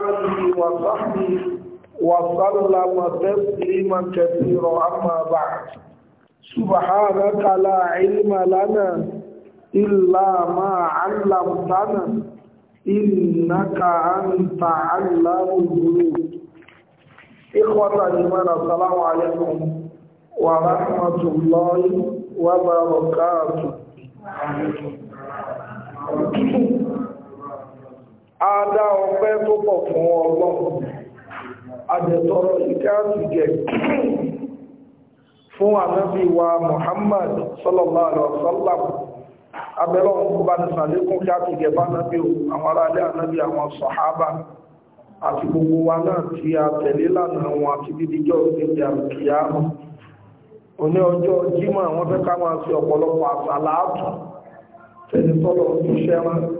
آله وصحبه وسلم تسليما كثيرا أما بعد سبحانك لا علم لنا إلا ما علمتنا إنك أنت علام الغيوب إخوة الإيمان السلام عليكم ورحمة الله وبركاته Adá ọpẹ́ tó pọ̀ fún ọlọ́run. Adẹ̀tọ́rọ̀ ìkẹ́ fún ànábì wa Muhammad sallallahu alaihi Abẹ́lọ́ bá gbogbo wa náà tí a tẹ̀lé lánàá wọn àti dídíjọ́ ìgbésẹ̀ àrùkìyà òní ọjọ́ Jímọ̀ àwọn fẹ́ ká máa fi ọ̀pọ̀lọpọ̀ tẹ̀lé tọ́lọ̀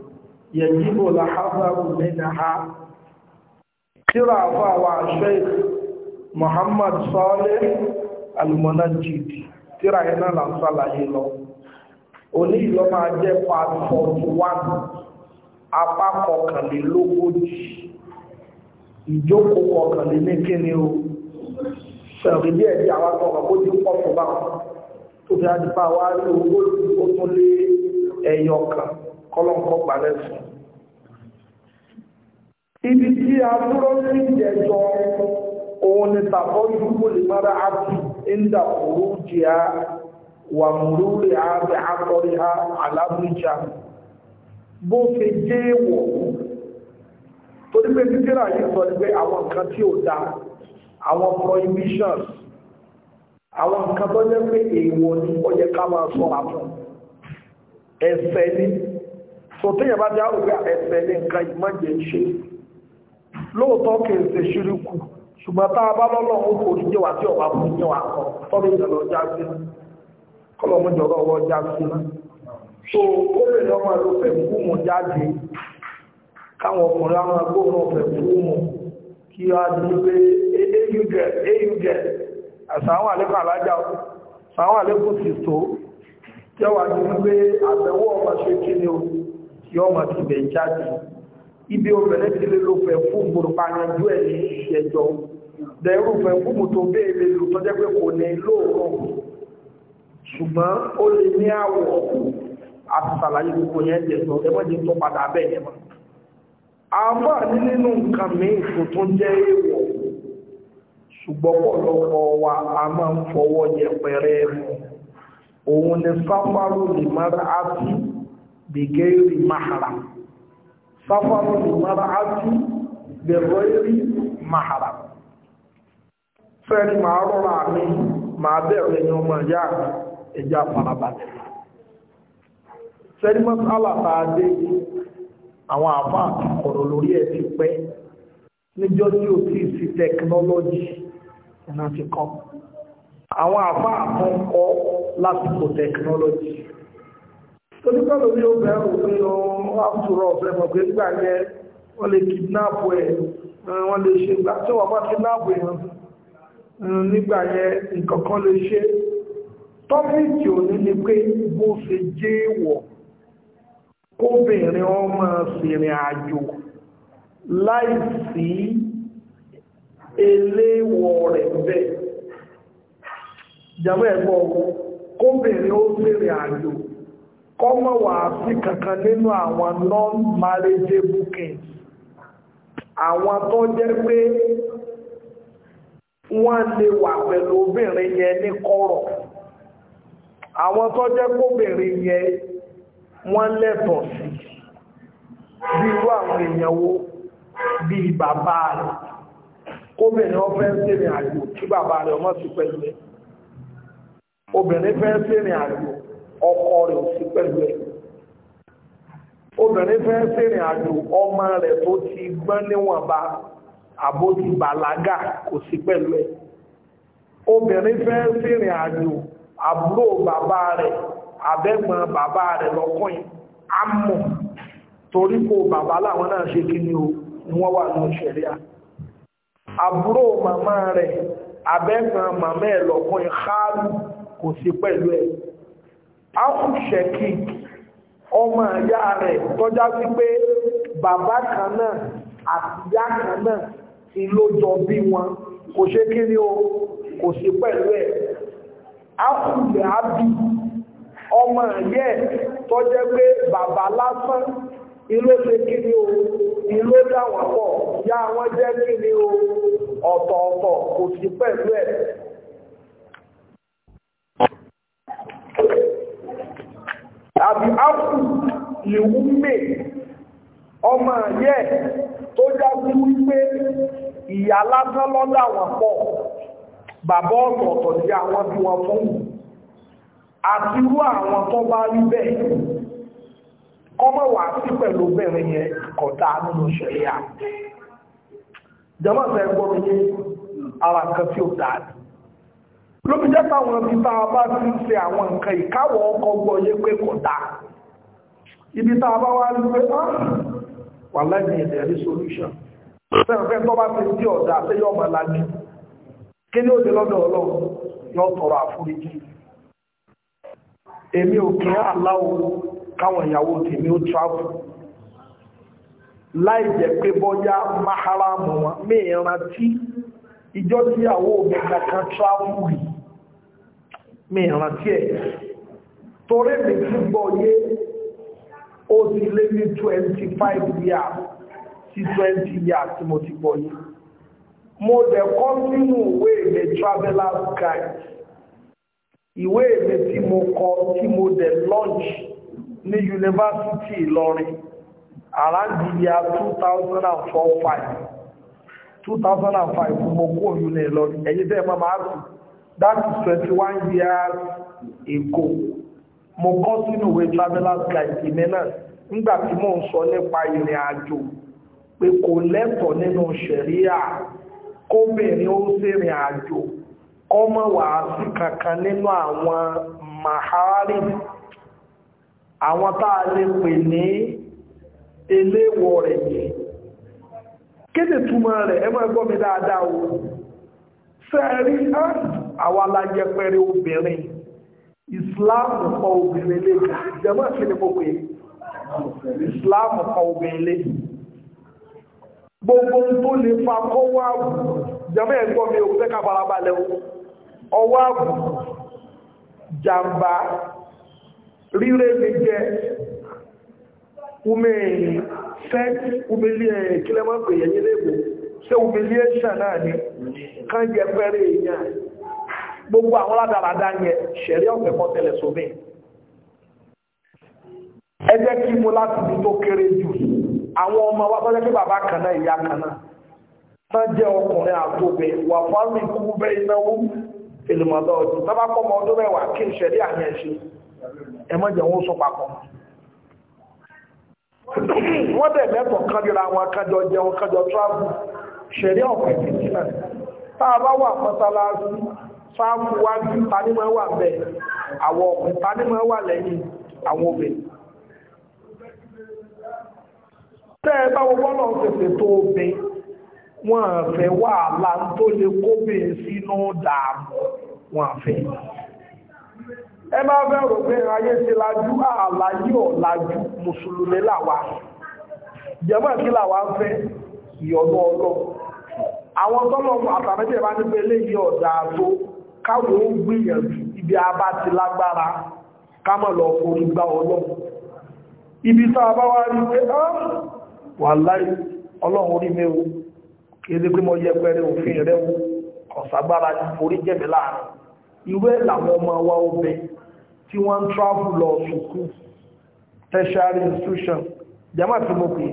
يجب الحذر منها ترى فاوى الشيخ محمد صالح المنجد tírà yẹn náà là ń ṣàlàyé lọ òní ìlọ máa jẹ part forty one apá kọkànlélógójì ìjókòó kọkànlélékèlè o sẹ̀rí bí ẹ̀jẹ̀ àwọn akọ̀kọ̀ pọ̀ fún báwọn tó fi àdìpá wa rí ogójì ó tún lé ẹyọ kan kọ́lọ́nkọ́ parẹ́ fún. ibi tí a dúró sí ìjẹjọ òun ni tàbọ̀ ìdúgbò lè mara àti ìndà òru jìá wà múlúrí àbẹ̀ àtọ́rí alábùjá bó ṣe jẹ́ wọ̀ torí pé títírà yìí sọ pé àwọn nǹkan tí ò dáa àwọn prohibitions àwọn nǹkan tó jẹ́ pé èèwọ̀ ni sọ ẹ̀ṣẹ̀ ni sọ̀tẹ́yìn bá jẹ́ àrùgbà ẹ̀ṣẹ̀ ní nǹkan nka ṣe lóòótọ́ kìí ṣe ṣíríkù ṣùgbọ́n tá a bá lọ́lọ́ tí ọba fún jẹ́wà kan tọ́lú ìjọba ọjà sí ọwọ́ ọjà sí so ó lè lọ́ máa lo pẹ̀fúmù jáde káwọn ọkùnrin àwọn agbóhùn kí wọ́n á di pé tí ó wà ní wípé àbẹ̀wò ọmọ ṣe kí ni o tí ọmọ ti bẹ̀ jáde ibi obìnrin ti lè lo fẹ̀ fún gbòròpá yanjú ẹ̀ ní ìṣẹ́jọ́ dẹ̀rù fẹ̀ fún mùtò béèrè lò tó jẹ́ pé kò ní lóòrùn ṣùgbọ́n ó lè ní àwọ̀ àti sàlàyé gbogbo yẹn jẹ̀sọ̀ ẹmọ́jì tó padà bẹ́ẹ̀ yẹn mọ́ àmọ́ nínú nǹkan mìíràn tó tún jẹ́ èèwọ̀ ṣùgbọ́n pọ̀lọpọ̀ wa a máa ń fọwọ́ yẹpẹrẹ fún òun ni lè mara mahara lè mara mahara fẹ́ni bẹ̀rẹ̀ ní ọmọ ìyá farabalẹ̀ fẹ́ni dé àwọn kọ̀rọ̀ lórí ẹ̀ ti pẹ́ níjọ́ tí tẹkinọ́lọ́jì ẹ̀ náà ti kọ́ àwọn lásìkò tẹkinọ́lọ́jì onígbàlò ní ó bẹ̀rù pé wọ́n àtúrọ̀ ọ̀fẹ́ mọ̀ pé nígbà yẹn wọ́n lè kidnap ẹ̀ wọ́n lè ṣe gbà tí wọ́n bá kidnap ẹ̀ nígbà yẹn nǹkankan lè ṣe tọ́pìkì òní ni pé bó ṣe jẹ́ wọ̀ kóbìnrin ọmọ fìrìn àjò láì sí eléwọ̀ rẹ̀ bẹ́ẹ̀ jàmọ́ ẹ̀gbọ́n kóbìnrin ó bèrè àjò kọ́mọ̀ wà sí kankan nínú àwọn non-marriageable bookings àwọn tó jẹ́ pé wọ́n lè wà pẹ̀lú obìnrin yẹn ní kọ̀rọ̀ àwọn tó jẹ́ kóbìnrin yẹn wọ́n lẹ́tọ̀ sí bí irú àwọn èèyànwó bí bàbá rẹ̀ kóbìnrin ó fẹ́ sẹ́rìn àjò kí bàbá rẹ̀ ọmọ sí pẹ̀lú ẹ̀ obìnrin fẹ́ sẹ́rìn àjò ọkọ rẹ̀ ò sí pẹ̀lú ẹ̀ obìnrin fẹ́ sẹ́rìn àjò ọmọ rẹ̀ tó ti gbọ́n níwọ̀nba àbó ti bàlágà kò sí pẹ̀lú ẹ̀ obìnrin fẹ́ sẹ́rìn àjò àbúrò bàbá rẹ̀ abẹ́gbọ̀n bàbá rẹ̀ lọ́kùnrin àmọ́ torí kò bàbá làwọn náà ṣe kí ni o ni wọ́n wà ní ṣẹ̀ríà àbúrò màmá rẹ̀ abẹ́gbọ̀n màmá ẹ̀ lọ́kùnrin xaalu kò sí pẹ̀lú ẹ̀ áfùṣẹ́kì ọmọ ìyá rẹ̀ tọ́já sí pé bàbá kan náà àti ìyá kan náà ti ló jọ bí wọn kò ṣe kí ni o kò sí pẹ̀lú ẹ̀ áfùlẹ̀ ábí ọmọ ìyẹ́ tọ́jẹ́ pé bàbá lásán ilé ṣe kí ni o ilé dáwọn pọ̀ yá wọn jẹ́ kí ni o ọ̀tọ̀ọ̀tọ̀ kò sí pẹ̀lú ẹ̀ tàbí ápù lèwúmè ọmọ yẹ tó jágún wípé ìyá lásán lọ́dọ̀ àwọn pọ̀ bàbá ọ̀tọ̀ọ̀tọ̀ sí àwọn bí wọn fún àti irú àwọn tó bá rí bẹ́ẹ̀ kọ́mọ̀ wà sí pẹ̀lú obìnrin yẹn kọ̀tà nínú ṣẹ̀yà ara kan tí ó dáadì ló fi jẹ́ táwọn ibi tá a bá ṣe àwọn nǹkan ìkáwọ̀ ọkọ̀ gbọ́yé pé kò dá ibi tá a bá wá ní pé wà lẹ́yìn ilẹ̀ rí solution fẹ́ràn tó bá ti dí ọ̀dà àti yọ ọmọ lájú kí ni ó di lọ́dọ̀ ọlọ́run tọrọ àforíjì èmi ò kí aláwo káwọn ìyàwó tèmi ó travel láì jẹ́ pé bọ́yá mi ìrántí ẹ̀ torí mi ti gbọ́ yé ó ti lé ní 25 years sí 20 years tí mo ti gbọ́ yé mo dẹ̀ kọ́ sínú ìwé mi traveler's guide ìwé mi tí mo kọ tí mo dẹ̀ launch ní yunifásitì Ìlọrin around the year 2004-5 2005 mo kó òyìn Ìlọrin ẹ̀yìn tẹ́ ẹ máa máa sùn that is 21 years ago mo kọ́ sínú ìwé travelers guide ìmẹ́ náà nígbà tí mò ń sọ nípa ìrìn àjò pé kò lẹ́tọ̀ọ́ nínú ṣẹ̀ríà kóbìnrin ó ṣèrìn àjò kọ́mọ̀ wà sí kankan nínú àwọn mahari àwọn táa lè pè ní eléwọ̀ rẹ̀ yìí kéde túmọ̀ rẹ̀ ẹ máa gbọ́ mi dáadáa o fẹ́ẹ̀rí áàdì àwa la jẹ pẹrẹ obìnrin ìsìláàmù kọ obìnrin lé jẹmọ́ kí ni mo pè ìsìláàmù kọ obìnrin lé gbogbo tó lè fa kọ́wọ́ ààbò jẹmọ́ ẹ̀gbọ́n mi ò fẹ́ ká farabalẹ̀ ọwọ́ ààbò jàǹbá ríré mi jẹ ume fẹ́ umeli ẹ̀ kílẹ̀ pè yẹn nílé ìbò ṣé humiliation náà ni kán jẹ èèyàn gbogbo àwọn ládàradà yẹn ṣẹ̀rí ọ̀fẹ́ kọ́ tẹ̀lẹ̀ sómi ẹ jẹ́ kí mo láti ibi tó kéré jù àwọn ọmọ wa tọ́jọ́ pé bàbá kan náà ìyá kan náà tán jẹ́ ọkùnrin àtòbẹ̀ wà fáwọn ìkú bẹ́ ináwó ìlúmọ̀dọ́ ọdún tọ́bá kọ́ ọmọ ọdún mẹ́wàá kí n ṣẹ̀rí àyẹ̀ ṣe ẹ má jẹ́ wọn sọ papọ̀ wọ́n dẹ̀ mẹ́tọ̀ kájọra wọn kájọ jẹun kájọ travel ṣẹ̀rí ọ̀pẹ̀ títí náà tá a bá wà mọ́sálásí fáàmù wá bí tanímọ̀ wà bẹ̀ àwọn ọkùn tanímọ̀ wà lẹ́yìn àwọn obìnrin tẹ́ ẹ bá wọ́n lọ fèsè tó obìn wọ́n fẹ́ wàhálà tó lè kóbìn sínú dààmú wọ́n fẹ́ ẹ bá fẹ́ rò pé ayé ti lajú àlàyé ọ̀làjú mùsùlùmí làwà jẹ́mọ̀ kí làwà ń fẹ́ ìyọ̀nù ọlọ́ àwọn tọ́lọ́mù àtàmẹ́tẹ̀ bá ní pé eléyìí ọ̀dà tó káwọn ó gbìyànjú ibi abá ti lágbára kámọ̀ lọ forí gbá ọlọ́run ibi tó a bá wá rí pé ọ́ wà láì ọlọ́run orí mi o kéde pé mo yẹ pẹ́rẹ́ òfin rẹ̀ o ọ̀sàgbára ti forí jẹ̀mí láàrin irú ẹ̀ làwọn ọmọ wa ọbẹ̀ tí wọ́n ń travel lọ sùkú tertiary institution jama tí mo pè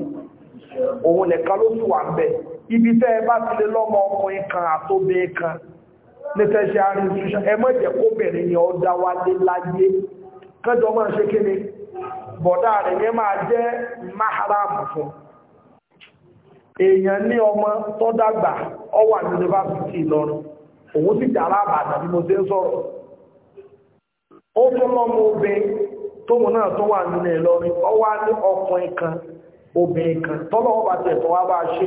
òun nìkan ló sì wà ń ibi tẹ́ ẹ bá ti lé lọ́mọ ọkùnrin kan àtóbẹ̀ kan ní ìṣúṣà ẹmọ́jẹ̀ kóbìnrin ni ọ dá wálé láyé kẹjọ máa ṣe kí ni bọ̀dá rẹ̀ yẹn máa jẹ́ maharam fún èèyàn ní ọmọ tó dàgbà ó yunifásitì Ìlọrin òun sì mo ṣe ń sọ̀rọ̀ ó tún lọ́mọ obìnrin tóun náà tó wà nínú Ìlọrin ó wá ní ọkùnrin kan obìnrin kan tọ́lọ́wọ́ bá tẹ̀ bá ṣe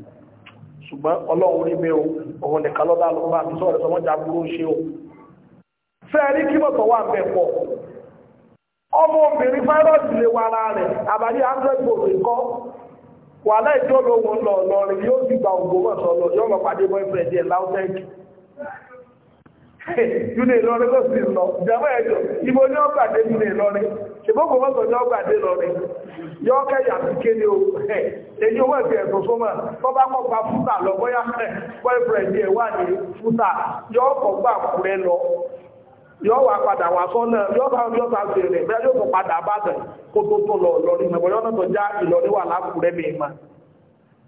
ṣùgbọ́n ọlọ́run rí mi o òun nìkan lọ́dá ló bá mi sọ̀rọ̀ sọmọ́ jà burú ṣe o fẹ́ rí kí mọ̀tọ̀ wà bẹ̀ pọ̀ ọmọ obìnrin fáírọ́ọ̀sì lè abalị ara rẹ̀ àbáyé hundred wà láìjọ́ lóhun lọ lọ rẹ̀ yóò sì gba ògbómọ̀sọ lọ yóò lọ pàdé júlẹ̀ lọ́rin kò sí lọ ìjọba ẹ̀jọ́ ibo ní ọgbàdé júlẹ̀ lọ́rin ṣègbógbò mọ́sàn ní ọgbàdé lọ́rin yọ kẹ́yà sí kéde o èyí owó ẹ̀fẹ́ ẹ̀sùn súnmọ́ tó bá kọ́ gba fúta lọ bóyá boyfriend ẹ̀ wà ní fúta yọ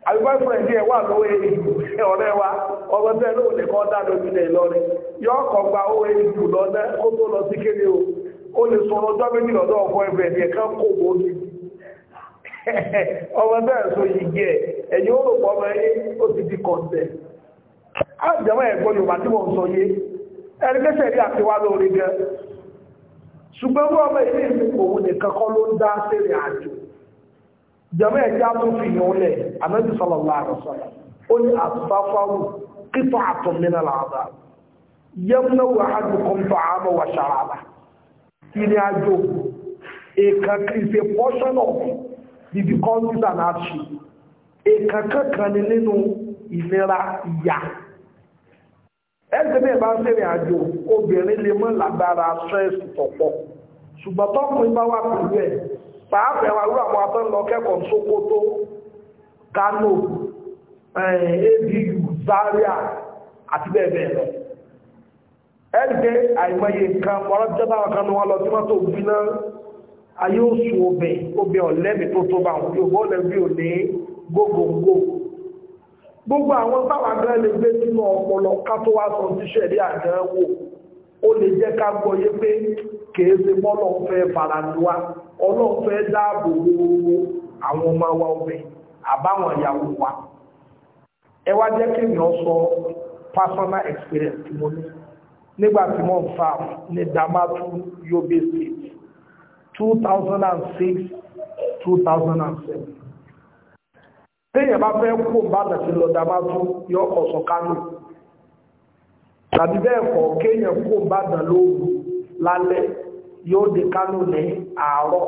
àbíbọ́ìfúrẹ̀ǹdì ẹ̀ wà lówó èyí ọ̀rẹ́ wa ọgbọ́n tẹ́ lóò lè kọ́ dáadé ojúlẹ̀ Ìlọrin yọ ọkọ̀ gba owó èyí lọ́nà tó lọ sí kéde o ó lè sọ̀rọ̀ ọjọ́ méjì lọ́dọ̀ ọkọ̀ ẹ̀fẹ̀ ẹ̀dì ẹ̀ká kò bó ní ọmọ sọ yìí gẹ̀ ó rò pọ̀ ọmọ ó ti di kọ̀ǹtẹ̀ ṣùgbọ́n ọmọ òun nìkan kọ́ ló ń dá jama ya tó fi yàn lẹ anabi sallallahu alaihi wasallam ó ní àtúfáfáwù kíkọ àtúnmínà làbá yẹmúnà ya á dùn kọńtọ àmọ wà ṣàràbà ìrìn àjò èèkàn is a portion of the difficulties and hardship èèkàn kankan ni nínú ìnira ìyà ẹsẹ̀ bẹ́ẹ̀ bá ń sẹ́rìn àjò obìnrin lè mọ́ lágbára stress tọ̀pọ̀ ṣùgbọ́n tọ́kùnrin bá wà pẹ̀lú ẹ̀ pàápàá ẹwà rú àwọn abẹ́ lọ kẹ́kọ̀ọ́ Sókótó Kánò abu Zaria àti bẹ́ẹ̀ bẹ́ẹ̀ lọ ẹgbẹ́ àìmọye nǹkan mọ́rọ́jọ́ táwọn kan ní wọ́n lọ tí wọ́n tó gbí náà ayé òsù obẹ̀ obẹ̀ ọ̀lẹ́bì tó tó bá wọn yóò bọ́ lẹ́bí ò ní gbogbogbò gbogbo àwọn táwọn agbẹ́lẹ́gbẹ́ sínú ọpọlọ ká tó wá sọ tíṣẹ̀rí àgbẹ̀ wò ó lè jẹ́ ká gbọ́ yé pé kìí ṣe mọ́lọ̀ fẹ́ faranduwa ọlọ́run fẹ́ dáàbò gbogbo àwọn ọmọ wa ọbẹ̀ àbáwọn ìyàwó wa ẹ wá jẹ́ kí mi sọ personal experience tí mo ní nígbà tí mo ń fa ní Damatu Yobe State 2006 2007 téèyàn bá fẹ́ kó bá dàtí lọ Damatu yọ ọ̀sán Kánò tàbí bẹ́ẹ̀ kọ́ kéèyàn kó bàdàn lóru lálẹ́ yóò dé kánò ní àárọ̀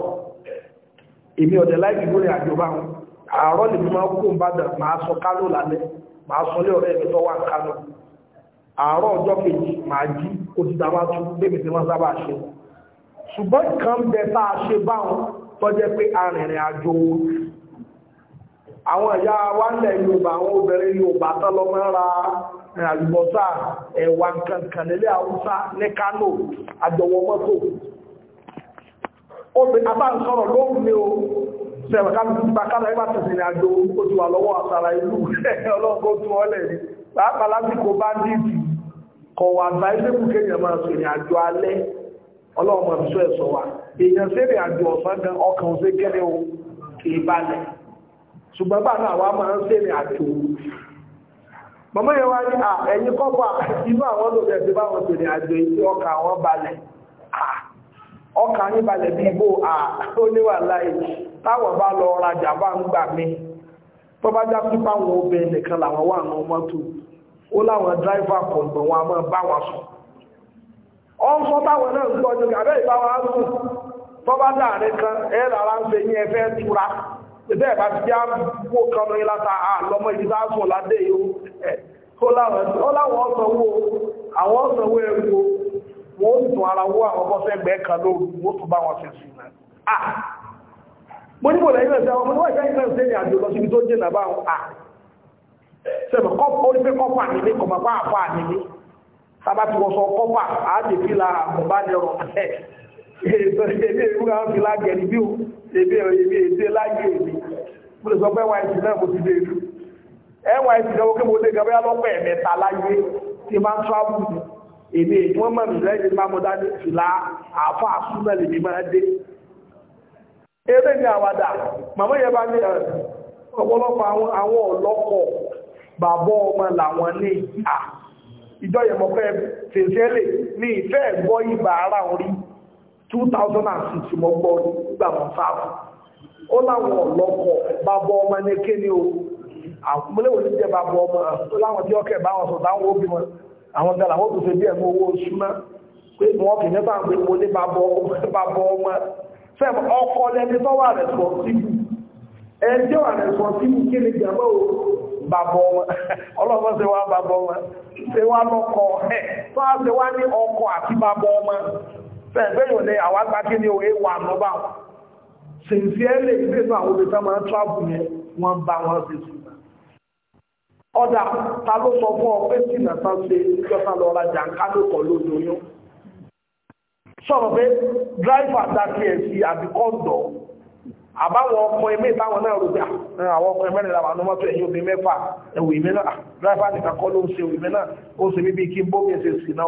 èmi ọ̀dẹ̀ láìpẹ́ lórí àjò bá wọn àárọ̀ lè máa kó bàdàn máa sọ kánò lálẹ́ máa sọ lé ọ̀rẹ́ mi tó wà kánò àárọ̀ ọjọ́ kejì máa jí ó ti dá wájú bébì tí wọ́n sábà ṣe ṣùgbọ́n kan bẹ tá a ṣe báwọn tó pé arìnrìn àjò àwọn ẹ̀yà wálẹ̀ Yorùbá àwọn obìnrin Yorùbá tọ́lọ mẹ́ra àlùbọ́sà ẹ̀wà kankan nílé Haúsá ní Kánò àjọwọ́ mọ́tò abá ń sọ̀rọ̀ lóhùn ní o sẹ̀rọ̀ káàkiri ìgbà tẹ̀sẹ̀ ní àjò oṣù wà lọ́wọ́ àtàrà ìlú ọlọ́gbọ́ tí wọ́n lẹ̀ ní pàápàá lásìkò bá dìbì kọ̀wà àgbáyébù kéèyàn máa sọ ní àjò alẹ́ ọlọ́mọ ìṣọ́ ṣùgbọ́n bá náà wá máa ń sẹ́rìn àjò mọ̀mọ́ yẹn wá ní ẹ̀yìn kọ́kọ́ inú àwọn olóògbé ti bá wọn sẹ́rìn àjò ìṣe ọkà wọn balẹ̀ ọkà ní balẹ̀ bí ibò àóníwà láì táwọn bá lọ rajà bá ń gbà mí tó bá já pípa àwọn obìnrin nìkan làwọn wà ní mọ́tò ó láwọn dráìvà kọ̀ǹgbọ̀n wọn máa bá wọn sùn ọ ń sọ táwọn náà ń gbọ́ ju kàbẹ́ ìbáwọn á sùn tó bá dáàrin kan ẹ̀ẹ́dàrá ń ṣe yín ẹ fẹ́ túra ìbẹ́ ẹ̀bá ti já wó kan ní láta àlọ́mọ ibi bá sùn ládé yóò ẹ̀ ó láwọn ọ̀sánwó àwọn ọ̀sánwó ẹ̀rọ wọ́n sì tún ara wó àwọn ọmọ sẹ́gbẹ́ kan lóru wọ́n tún bá wọn ṣe sí náà mo níbo lẹ́yìn ẹ̀sẹ̀ ọmọ níwọ̀n ìṣẹ́ ìṣẹ́ ìrìn àjò lọ síbi tó jẹ́ nàbá wọn à sẹ́mi kọ́pọ̀ orí pé kọ́pọ̀ àníní kọ̀mọ̀pá àpá àníní sábà ti wọ́n sọ kọ́pọ̀ àádìí fìlà àmọ̀bánirọ̀ ẹ̀ ẹ̀ ẹ̀ ẹ̀ ẹ̀ ẹ̀ ẹ̀ èdè èdè èdè láyé èdè mo lè sọ pé nyc náà mo ti dé ìlú nyc náà wọ́n kí mo dé gan bóyá lọ́pọ̀ ẹ̀mẹ́ta láyé tí máa ń travel ní èdè wọ́n mọ̀ nílẹ̀ èdè máa mọ̀ dání fìlà àfa àsúná lè mi máa dé eré ní àwàdà màmá yẹn bá ní ọ̀pọ̀lọpọ̀ àwọn àwọn ọlọ́kọ̀ bàbá ọmọ làwọn ní ìjọ yẹn mọ̀ pé fèsì ẹlẹ́ ní ìfẹ́ ẹ̀gbọ́ ìbà ara orí 2006 mọ́ gbọ́ nígbà wọn fáàfù ó láwọn ọ̀lọ́kọ̀ bá bọ́ ọmọ ní kéde o àmúléwò ní jẹ́ bá bọ́ ọmọ láwọn tí ọkẹ́ bá wọn sọ táwọn òbí wọn àwọn gan làwọn tó ṣe bí ẹ̀mú owó súná pé wọn kì í nípa pé mo ní bá bọ́ ọmọ fẹ́m ọkọ̀ lẹ́ni tó wà rẹ̀sọ̀tìbù ẹjọ́ wà rẹ̀sọ̀tìbù ni jẹ́mọ́ o bàbọ̀ pẹ̀lú ní àwọn agbákí ní orí wà nọ́bà sincerely nínú àwọn obìnrin máa ń travel yẹn wọ́n bá wọn ṣe sùnà ọ̀dà ta ló sọ fún ọ pé sínà tán ṣe ìjọta lọ rajà ń ká lókọ̀ lójoyún sọ̀rọ̀ pé dráìfà dákí ẹ̀ sí àbíkọ́ndọ̀ àbáwọn ọkọ̀ ẹ̀mí ìtàwọn náà rò pé ah, àwọn ọkọ̀ ẹ̀mẹ́rin làwọn anúmọ́tò ẹ̀yìn obìnrin mẹ́fà ẹ̀wù ìmẹ́ náà dráìfà nìkan kọ́ ló ń ṣe ìwù ìmẹ́ náà ó sì bíbí kí bóbi ṣe sì náà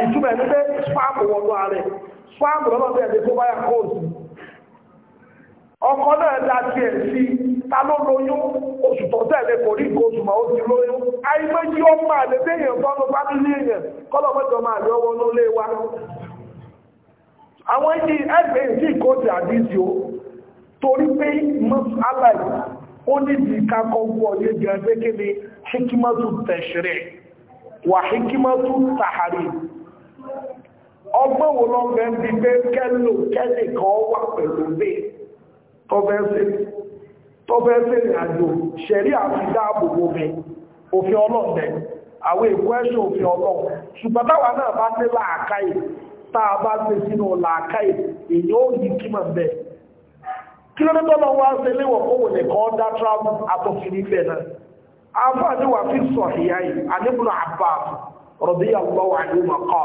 ìtumọ̀ ẹni pé spáàmù wọnú ààrẹ spáàmù lọ́nà bí ẹni tó bá yà kóòtù ọkọ náà dá tiẹ̀ sí ta ló lóyún oṣù tó tẹ̀lé kò rí nǹkan oṣù mà ó ti lóyún àìmọye ọmọ àlè déyàn tọ́nu fámílì èèyàn kọ́lọ̀ mẹ́jọ máa lé ọwọ́ ní ilé wa àwọn ẹni ẹgbẹ́ ìdí o torí pé aláì ó nídìí kákọ́ wọ yéjì ẹgbẹ́ kéde hikimatu tẹ̀sírẹ̀ wà hikimatu tàhárì ọgbọ́n wo lọ bẹ ń bi pé kẹ́lò kẹ́lì kan wà pẹ̀lú bí tọ́fẹ́ sí ìrìnàjò ṣẹ̀rí àti dáàbòbò mi òfin ọlọ́ọ̀dẹ àwọn èkó ẹ̀ṣùn òfin ọlọ́ọ̀ ṣùgbọ́n táwa náà bá ní làákàyè tá a bá gbé sínú làákàyè èyí ó yí kí màá bẹ̀ kí ló tọ́lọ wá ń ṣe léwọ̀ kó wò lè kọ́ dá travel atọ́fin níbẹ̀ náà àfáà ni wà fi sọ ìyá yìí àníbùnà àbá rọ̀bíyà lọ́wọ́ àdúgbò kọ́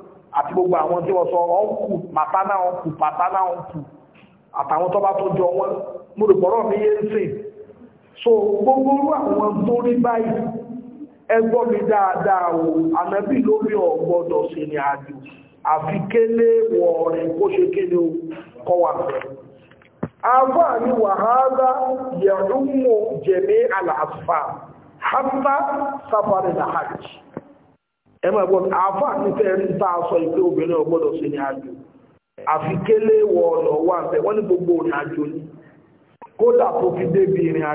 àti gbogbo àwọn tí wọ́n sọ ọ̀nkù màtánà ọ̀nkù pàtánà ọ̀nkù àtàwọn tó bá tó jọ wọn mo mi yé ń sìn so gbogbo orú àwọn tó rí báyìí ẹ gbọ́ mi dáadáa o ànábì ló rí ò gbọ́dọ̀ sí ní àjò àfi kélé wọ rẹ̀ kó ṣe kéde o kọ́ wà rẹ̀ àfà ní wàhálà yẹ̀rùmọ̀ jẹ̀mí àlàáfà hátà sáfàrẹ̀ làhàjì ẹgbẹ́ gbọ́n àfà nífẹ́ nta sọ ìpé obìnrin ọgbọdọ gbọ́dọ̀ sí ní àjò àfi kélé wọ ọ̀nà wà ń bẹ̀ wọ́n gbogbo ìrìn àjò ní kódà tó fi débi ìrìn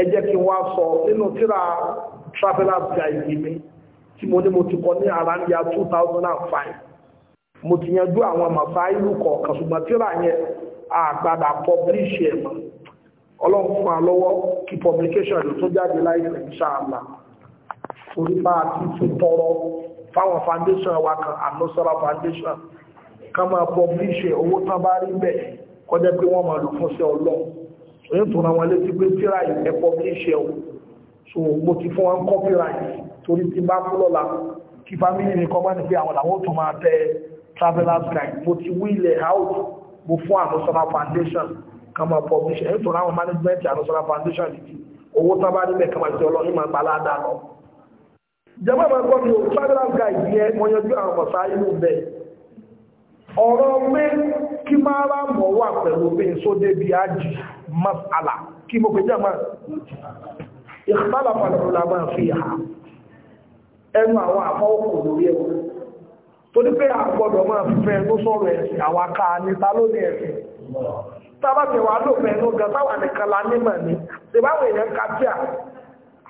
ẹ kí sọ nínú tíra travelers guide mi tí mo ní mo ti kọ ní 2005 mo ti yanjú àwọn màsáìlú kọ̀ọ̀kan tíra yẹn àgbàdà ọlọ́run fún wa lọ́wọ́ kí publication ló tó jáde láìpẹ́ ìṣàlá torí bá a ti tún fáwọn foundation wa kan àlọ́sọ́ra foundation ká máa publish owó tán bá rí bẹ́ẹ̀ kọjá pé wọ́n máa lò fún sí ọlọ́run èyí tó ràn wọ́n létí pé tíra ẹ̀ publish ẹ̀ so mo ti fún wọn copyright torí ti bá kú lọ́la kí family mi kọ́ bá ní pé àwọn làwọn tó máa tẹ travelers guide mo ti wílẹ̀ out mo fún àlọ́sọ́ra foundation kama publish ẹ̀ tó ráwọn management ànúsọ́ra foundation yìí owó tán bá níbẹ̀ kama ti ọlọ́ ní ma gba aládàá lọ. jẹ́mọ́ máa gbọ́ mi ò travel guide yẹn wọ́n yanjú àwọn ọ̀sá inú bẹ́ẹ̀. ọ̀rọ̀ pé kí máa rà mọ̀ wà pẹ̀lú pé sóde bí ájì masala kí mo pè jẹ́mọ́ ìpàlà pàlọ́lá máa fi hà ẹnu àwọn àfọwọ́kọ̀ lórí ẹ̀wọ̀n torí pé àgbọ̀dọ̀ máa fẹ́ ló sọ̀rọ̀ ẹ̀sìn àwọn tábàtì wà ló pẹ̀lú gan táwà nìkan la nímọ̀ ni ṣèbáwọn èèyàn ka tí à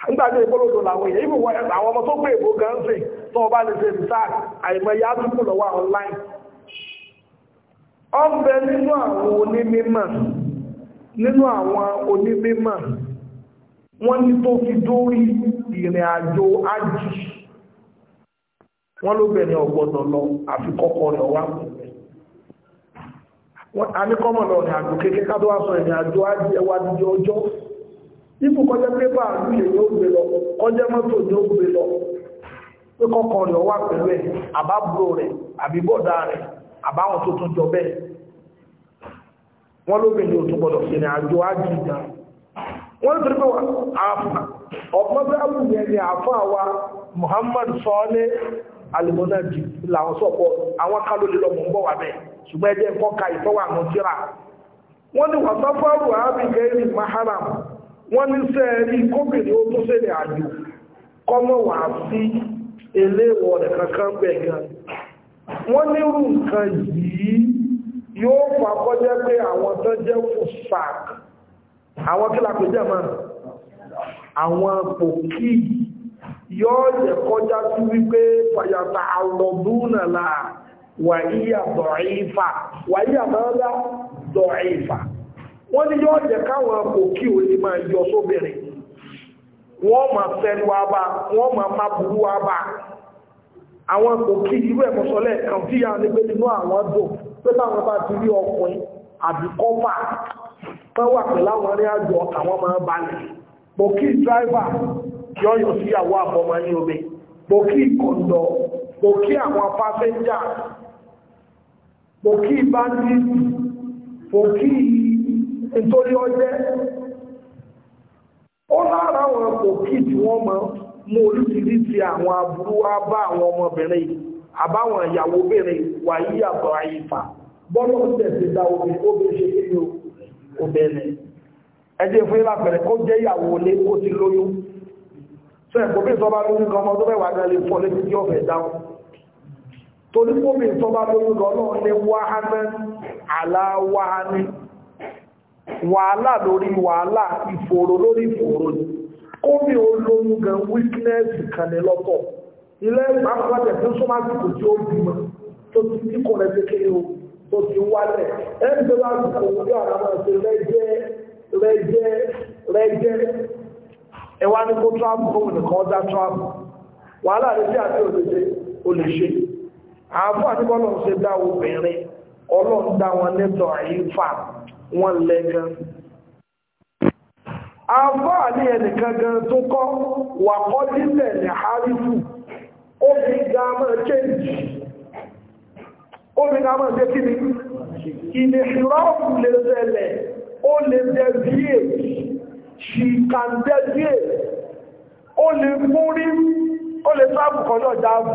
nígbà tí ìpolówó làwọn èèyàn ìbò àwọn ọmọ tó gbé èbó gan sè tó ọba lè ṣe research àìmọ̀ ya túkù lọ́wọ́ online ọ ń bẹ nínú àwọn onímọ̀ nínú àwọn onímọ̀ wọ́n ní tó fi dórí ìrìn àjò ájì wọ́n ló bẹ̀rẹ̀ ọ̀gbọ́dọ̀ lọ àfikọ́kọ́ rẹ̀ wá kù a ní kọ́mọ̀ lọ ní àjò kékeré ká tó wá sọ ìrìn àjò ọjọ́ ipò kọjá pépà lè yóò gbé lọ kọjá mọ́tò ní lọ pé kọ́kọ́ rẹ̀ wà pẹ̀lú ẹ̀ àbábúrò rẹ̀ àbíbọ̀dá rẹ̀ àbáwọn tó tún jọ bẹ́ẹ̀ wọ́n lóbìnrin sí ní àjò ṣùgbọ́n ẹjẹ́ kọ́ka ìtọ́wà mú síra wọ́n ní wàtọ́fọ́rù àbíkẹ́rì maharam wọ́n ní sẹ́ẹ̀rí kóbìnrin ó tún sẹ́rẹ̀ àjò kọ́mọ̀ wà sí eléwọ̀ rẹ̀ kankan gbẹ̀gàn wọ́n nírú nǹkan yìí yóò fà kọjẹ́ pé àwọn tó jẹ́ fòsàk àwọn kí lápẹ́ jẹ́ mọ́ àwọn pòkí yóò jẹ́ kọjá sí wípé fàyàtà àlọ́dúnà láà wà íyà dọ̀ífà wà íyà mọ́lá dọ̀ífà wọ́n ní yóò jẹ́ káwọn òkí ò lè máa yọ sóbìnrin wọ́n máa fẹ́nu wábá wọ́n máa má burú wábá àwọn òkí irú ẹ̀mọ́sọ́lẹ̀ kan tí yà ní pé nínú àwọn dùn pé táwọn bá ti rí ọkùnrin àbí kọ́fà tán wà pẹ̀lú àwọn ará àjọ àwọn máa balẹ̀ bòkí dráìvà yọ́ sí àwọn àbọ̀mọ́ ní omi bòkí kọ̀ndọ̀ bòkí àwọn pásẹ́ńjà pòkí bandit pòkí nítorí ọjẹ́ ó lára àwọn pòkí tí wọ́n mọ mú oríṣiríṣi àwọn aburú wá bá àwọn ọmọbìnrin àbáwọn ìyàwó obìnrin wà yí àtọ̀ àyífà bọ́lọ̀ tẹ̀sí dá omi ó bẹ́ ṣe kí ni obìnrin ẹjẹ́ fún ilá pẹ̀rẹ̀ kó jẹ́ ìyàwó olé ó ti lóyún sọ ẹ̀kọ́ bí ìsọba lóyún kan ọmọ tó mẹ́wàá gan lè fọ́ létí tí ọ̀fẹ́ dáhùn torí gómi tó bá lóyún lọ́lọ́run ní wàhálà lórí wàhálà ìfòòró lórí ìfòòró ni gómi olóyún gan wíkínẹ́sì kan lọ́pọ̀ ilé ìpàkọ́jẹ̀ tó súnmọ́ àsìkò tí ó tó ti tí kò rẹ̀ kéré o tó ti wálẹ̀ ẹni tó wọ́n bí àrà máa ṣe rẹ́jẹ́ àbọ̀ àníbọ́lọ̀ ṣe dá obìnrin ọlọ́run dá wọn lẹ́tọ̀ àyífà wọn lẹ́gan àbọ̀ àní ẹnìkan gan tó kọ́ wà kọ́ nílẹ̀ ní àrífù omi ga máa ó lè múrí ó lè sáàbù kọjọ́ dáàbù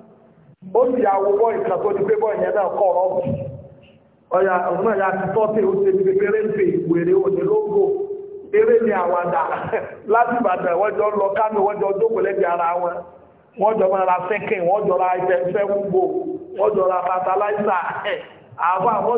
o si yà wọ́ ìkà tó ti pé bọ́ ìyẹn náà kọ́ ọ̀rọ̀ bù ọ̀yà ọ̀gbọ́n ìyá ti tọ́ sí oṣù ti pépé rẹ́ǹpé wèrè òní lógo eré ni àwàdà láti Ìbàdàn wọ́n lọ Kánò ara wọn wọ́n jọ sẹ́kìn wọ́n jọ ra gbogbo wọ́n jọ ra fatalaisa àwọn àwọn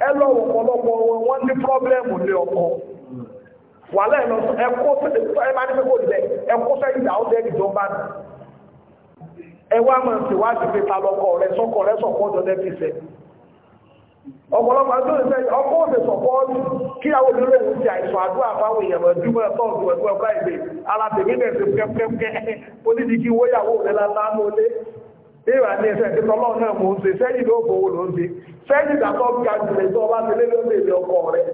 ẹ lọ ọ̀pọ̀lọpọ̀ wọn wọ́n ní pọ́blẹ́mù ní ọkọ̀ wà lẹ́nu ẹ̀kọ́ ẹ máa ní pẹ́kọ́ ìlẹ̀ ẹ̀kọ́ sẹ́yìn ìdáwó jẹ́ ìjọba ẹ wá máa ti wá sí pípa lọ́kọ̀ rẹ sọ́kọ̀ rẹ sọ̀kọ́ jọ lẹ́bi sẹ́ ọ̀pọ̀lọpọ̀ àti òṣìṣẹ́ ọkọ̀ òṣè sọ̀kọ́ kí àwọn olóró òun ti àìsàn àdúrà fáwọn èèyàn lọ́jú mọ́ ẹ̀tọ́ ọ̀dùn ẹ̀kọ́ ẹ̀kọ́ ìgbé alátẹ̀mí náà ti pẹ́pẹ́pẹ́ ó ní di kí wọ́yàwó rẹ̀ lálánú lé ìwà ní ẹsẹ̀ ìtọ́lọ́ náà mò ń ṣe sẹ́yìn ló fowó ló ń ṣe sẹ́yìn ìdàtọ́ ga jùlẹ̀ tó ọba tẹ́lẹ̀ ló lè lè ọkọ rẹ̀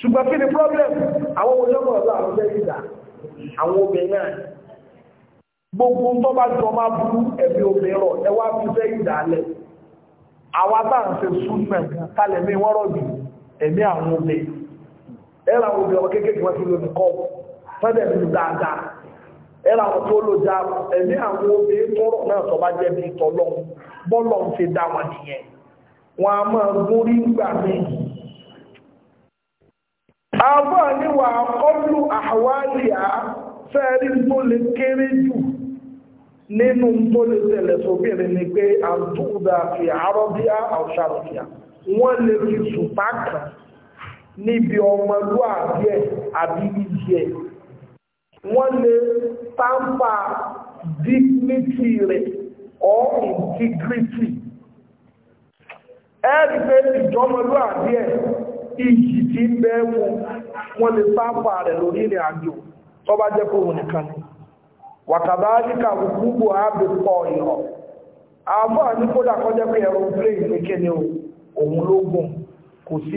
ṣùgbọ́n kí ni problem àwọn olóògbé ọ̀dọ́ àwọn sẹ́yìn ìdà àwọn obìnrin náà gbogbo tó bá jọ máa burú ẹ̀mí obìnrin rọ̀ ẹ wá fi sẹ́yìn ìdà lẹ̀ àwa bá ń ṣe súnmọ̀ kálẹ̀ mi wọ́n rọ̀ jù ẹ̀mí àwọn obìnrin ẹ̀rọ àwọn tó lò já ẹ̀mí àwọn obìnrin tọrọ náà tó bá jẹ́ bí tọlọ́n bọ́lọ̀ ń fi dá wọn nìyẹn wọn a máa gún rí gbà mí. àwọn àníwà ọlù àwárí à fẹ́ẹ́rí tó lè kéré jù nínú tó lè tẹ̀lẹ̀ sóbìnrin ni pé àtúndà fi àrọ́bíà àwùsàròfìà wọ́n lè fi sùpá kan níbi ọmọlúwàbí ẹ̀ àbí ìjì ẹ̀ wọ́n tampa dignity rẹ̀ or integrity ẹ̀rí pé ìjọmọlúwàbí ẹ̀ ìyì wọn wọ́n lè tampa rẹ̀ lórí ìrìn àjò tó bá jẹ́ kóhùn nìkan ni gbogbo ààbò pọ̀ ìrọ̀ kódà pé plane òun kò sí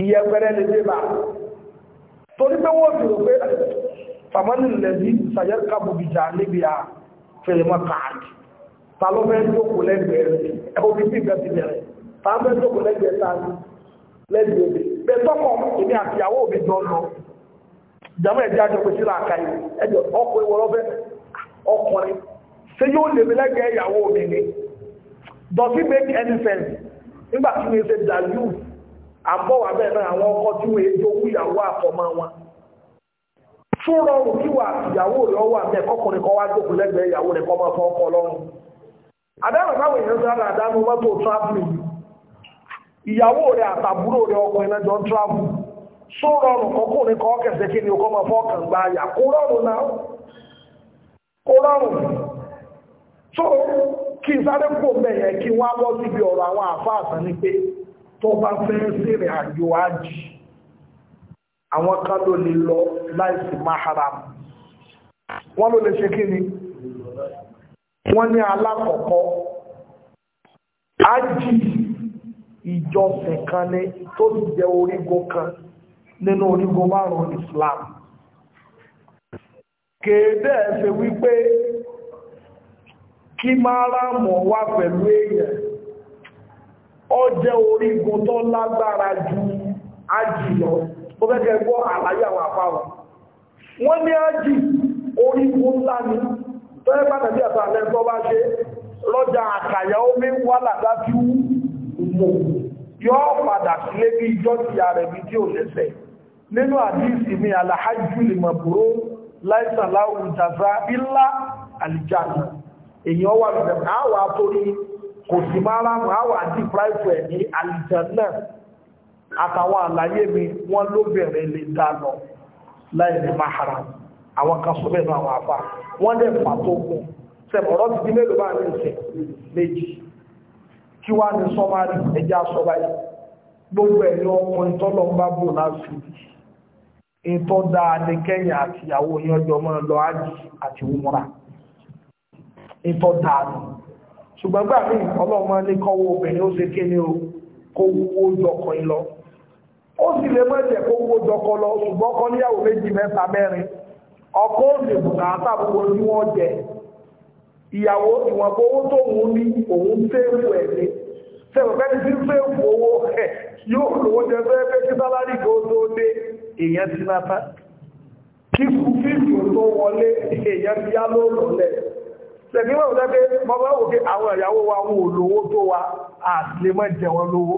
ìyẹpẹrẹ lè dé bá torí pé wọ́n dúró pé fàmọ́nì lẹ́bí sàyẹ́ká bùbìjà níbi à fèrèmọ́ káàdì ta ló bí bí bẹ́ẹ̀ ti bẹ̀rẹ̀ ta ló fẹ́ lẹ́gbẹ̀ẹ́ ta tọ́kọ̀ èmi àti ìyàwó mi jọ lọ jàmọ́ ẹ̀jẹ̀ àjọ ọkùnrin yóò lè mi lẹ́gbẹ̀ẹ́ àbọ̀wà bẹ́ẹ̀ náà àwọn ọkọ tí wọ́n ètò owó ìyàwó àfọmọ́ wọn tó rọrùn kí wà ìyàwó rẹ̀ wà bẹ́ẹ̀ kọkùnrin kan wá jókòó lẹ́gbẹ̀ẹ́ ìyàwó rẹ̀ kọ́ máa fọ́ ọkọ lọ́rùn àdáhùn táwọn èèyàn sára àdánù mọ́tò ìyàwó rẹ̀ àtàbúrò rẹ̀ ọkọ iná jọ ń rọrùn kọkùnrin ọkọ tó bá fẹ́ sèrè àjò ájì àwọn kan ló lè lọ láìsí maharam wọ́n ló lè ṣe kí ni wọ́n ní alákọ̀ọ́kọ́ ájì ìjọsìn kan ní tó ti jẹ orígun kan nínú orígun márùn Islam kéde ẹ̀ṣẹ̀ wípé kí máa rámọ̀ pẹ̀lú èèyàn ọ jẹ́ orígun tó lágbára ju ajìyàn tó fẹ́kẹ́ gbọ́ àlàyé àwọn àpáwọn wọ́n ní ajì orígun ńlá tó ẹ́ pàtàkì bí àtàwọn bá ṣe lọ́jà àkàyà omi wà làdájú mọ̀ yọ́ padà sílé bí ijọ́ ti ààrẹ bí tí ò lẹ́sẹ̀ nínú àdíìsì mi àlàájú lè mọ̀ búrú láìsàn láwùjàzá ilá kò sì máa rá máa wà ní ẹ̀ ní àlìjànnà àtàwọn àlàyé mi wọ́n lóbìnrin lè dá lọ láì ní maharam àwọn kan sọ bẹ́ẹ̀ náà àwọn àfà wọ́n dẹ̀ fà tó kù sẹ́mọ̀rọ́ ti di mélòó bá ní ìsẹ̀ méjì kí wá ní sọ́márì ẹjá sọ́bá yìí gbogbo ẹ̀yọ́ ọkùnrin ṣùgbọ́n gbà mí ọlọ́run máa ní kọ́wọ́ obìnrin ó ṣe kí ni o kó wó jọkọ̀ yìí lọ ó sì lè má jẹ́ kó wó jọkọ̀ lọ ṣùgbọ́n kọ́ níyàwó méjì mẹ́ta mẹ́rin ọkọ òsè bùkátà gbogbo tí wọ́n jẹ ìyàwó ìwọ̀nbó owó tó òun ní òun fẹ́ẹ̀fù ẹ̀ ní sẹ́wọ̀pẹ́ni tí fẹ́ẹ̀fù owó ẹ̀ yóò lówó jẹ fẹ́ẹ̀fẹ́ tí sálárì kó tó dé èèyàn ti náta kí fífò tó wọlé èèyàn ti yá lóòrùn lẹ́ẹ̀ tẹ̀mí wọ́n tẹ́ pé bọ́bá wò pé àwọn ìyàwó wa wọn ò lówó tó wa àtìlé mọ́ jẹun lówó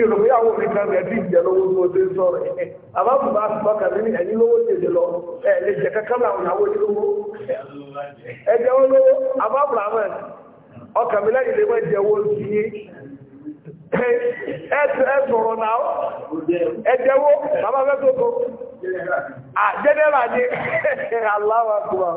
ìròyàwó mi kan rẹ̀ bí ìjẹ lówó tó ṣe ń sọ̀rọ̀ ẹ̀ bàbá mi bá sọ kàmí ní ẹ̀yìn lówó tó ṣe lọ ẹ̀ lè jẹ kankan láwọn ìyàwó yìí lówó ẹ̀ jẹun lówó àbá brahman ọkàn mi lẹ́yìn lè mọ́ jẹun sí i ẹ sọ̀rọ̀ náà ẹ jẹun bàbá fẹ́ tó tó à jẹ́nẹ́rà ni aláwọ̀ àkùrọ̀.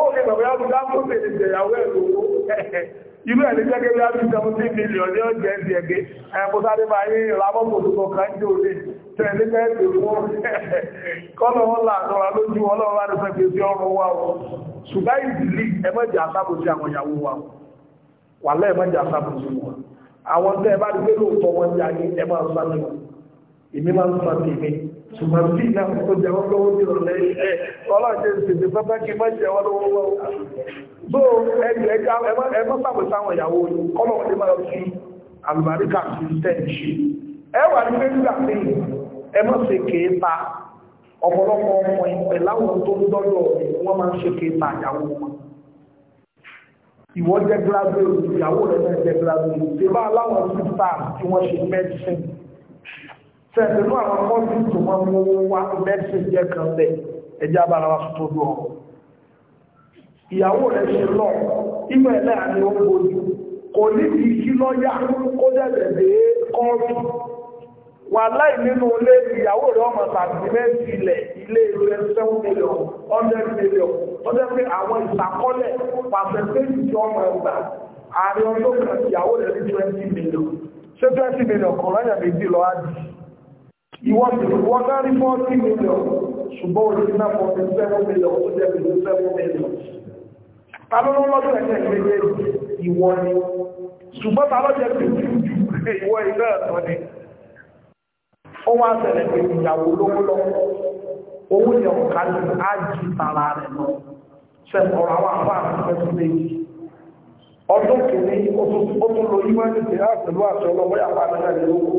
oge bàbá yàtọ̀ dáńkó tèlè jẹ̀yàwó ẹ̀ lówó ìlú ẹ̀ ní jẹ́gẹ́ bí million ní ọjọ́ ẹ̀dì ẹ̀gẹ́ ẹ̀kọ́sáré máa yí ìrànlọ́pọ̀ tuntun kan lè fún kọ́nà wọn lójú ọlọ́run fẹ́ o ṣùgbọ́n bí ìyá tó jẹ́ wọ́n lọ́wọ́ ní ọ̀lẹ́ ẹ̀ ọlọ́jẹ́ ìṣẹ̀lẹ̀ bábá kí má jẹ́ wọ́n lọ́wọ́ wọ́n bó ẹgbẹ̀ ẹgbẹ́ ẹgbẹ́ pàpẹ́ sáwọn ìyàwó kọ́lọ̀ wọ́n lè máa fi àlùbáríkà sí tẹ́ẹ̀ṣì ẹ wà ní pé nígbà pé ẹ mọ́ ṣe kéé pa ọ̀pọ̀lọpọ̀ ọmọ ìpẹ̀ láwọn tó ń dọ́dọ̀ wọ́n máa ń ṣe kéé pa ìyàwó wọn ìwọ jẹ́ gíláàbù ìyàwó rẹ̀ náà jẹ́ gíláàbù ìṣèbá aláwọ̀ sísá tí wọ́n ṣe mẹ́dísìn sẹ́ẹ̀dì ní àwọn kọ́ọ̀tù tó máa ń mówó wá mẹ́sì jẹ́ kan bẹ̀ ẹjẹ́ abala wa tó dùn ọ́ ìyàwó rẹ̀ ṣe lọ ìgbà ẹ̀ náà ni ó gbójú kò ní ti kí lọ́yà kó dẹ̀dẹ̀ dé kọ́ọ̀tù wà láì nínú ilé ìyàwó rẹ̀ ọmọ tàbí mẹ́sì ilẹ̀ ilé ìlú seven million hundred million ó jẹ́ pé àwọn ìsàkọ́lẹ̀ pàṣẹ péjì tí ọmọ ẹgbà ààrẹ ọdún kan ìyàwó rẹ̀ ní twenty million ṣé twenty million kò lọ́yà méjì lọ́wọ́ àdìsí ìwọ́n dárí fọ́ọ̀tí mílíọ̀n ṣùgbọ́n òní náà fọ́ọ̀tí sẹ́fún mílíọ̀n tó jẹ́ pẹ̀lú sẹ́fún mílíọ̀n ta ló lọ́jọ́ ẹ̀jẹ̀ méjì ìwọ ni ṣùgbọ́n ta lọ́jọ́ ẹ̀jẹ̀ méjì ìwọ iná ẹ̀tọ́ ni ó wá ṣẹlẹ̀ pé ìyàwó lọ́wọ́lọ́ owó yẹ ọ̀ká ní ájì tara rẹ̀ lọ sẹ́fún ọ̀rọ̀ àwọn àbá àti méjì ọdún kìíní ó tún lo yíwájú pé á pẹ̀lú àṣọ ọlọ́wọ́ yàpá náà lè lóko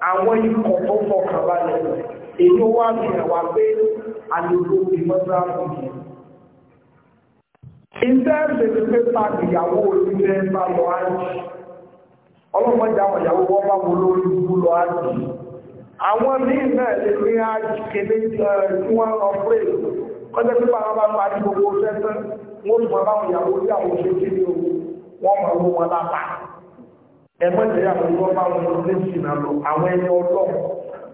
àwọn ikọ̀ tó fọkàn balẹ̀ èyí ó wá fi hàn wá pé àlejò ìmọ̀sára fún mi. Iṣẹ́ ìṣèlú pépà ìyàwó onílẹ̀ bá lọ ájì. Ọlọ́mọdé àwọn ìyàwó wọ́n bá wọn lórí ibú lọ ájì. Àwọn míì náà lè ní ájì kéde tí wọ́n lọ pé kọjá pé bàbá bá parí gbogbo sẹ́sẹ́, wọ́n tún bá wọn ìyàwó tí àwọn òṣèlú ní owó, wọ́n mọ̀ owó ẹ̀mọ́jẹ̀ àkọ́kọ́ bá wọn ló lọ àwọn ẹni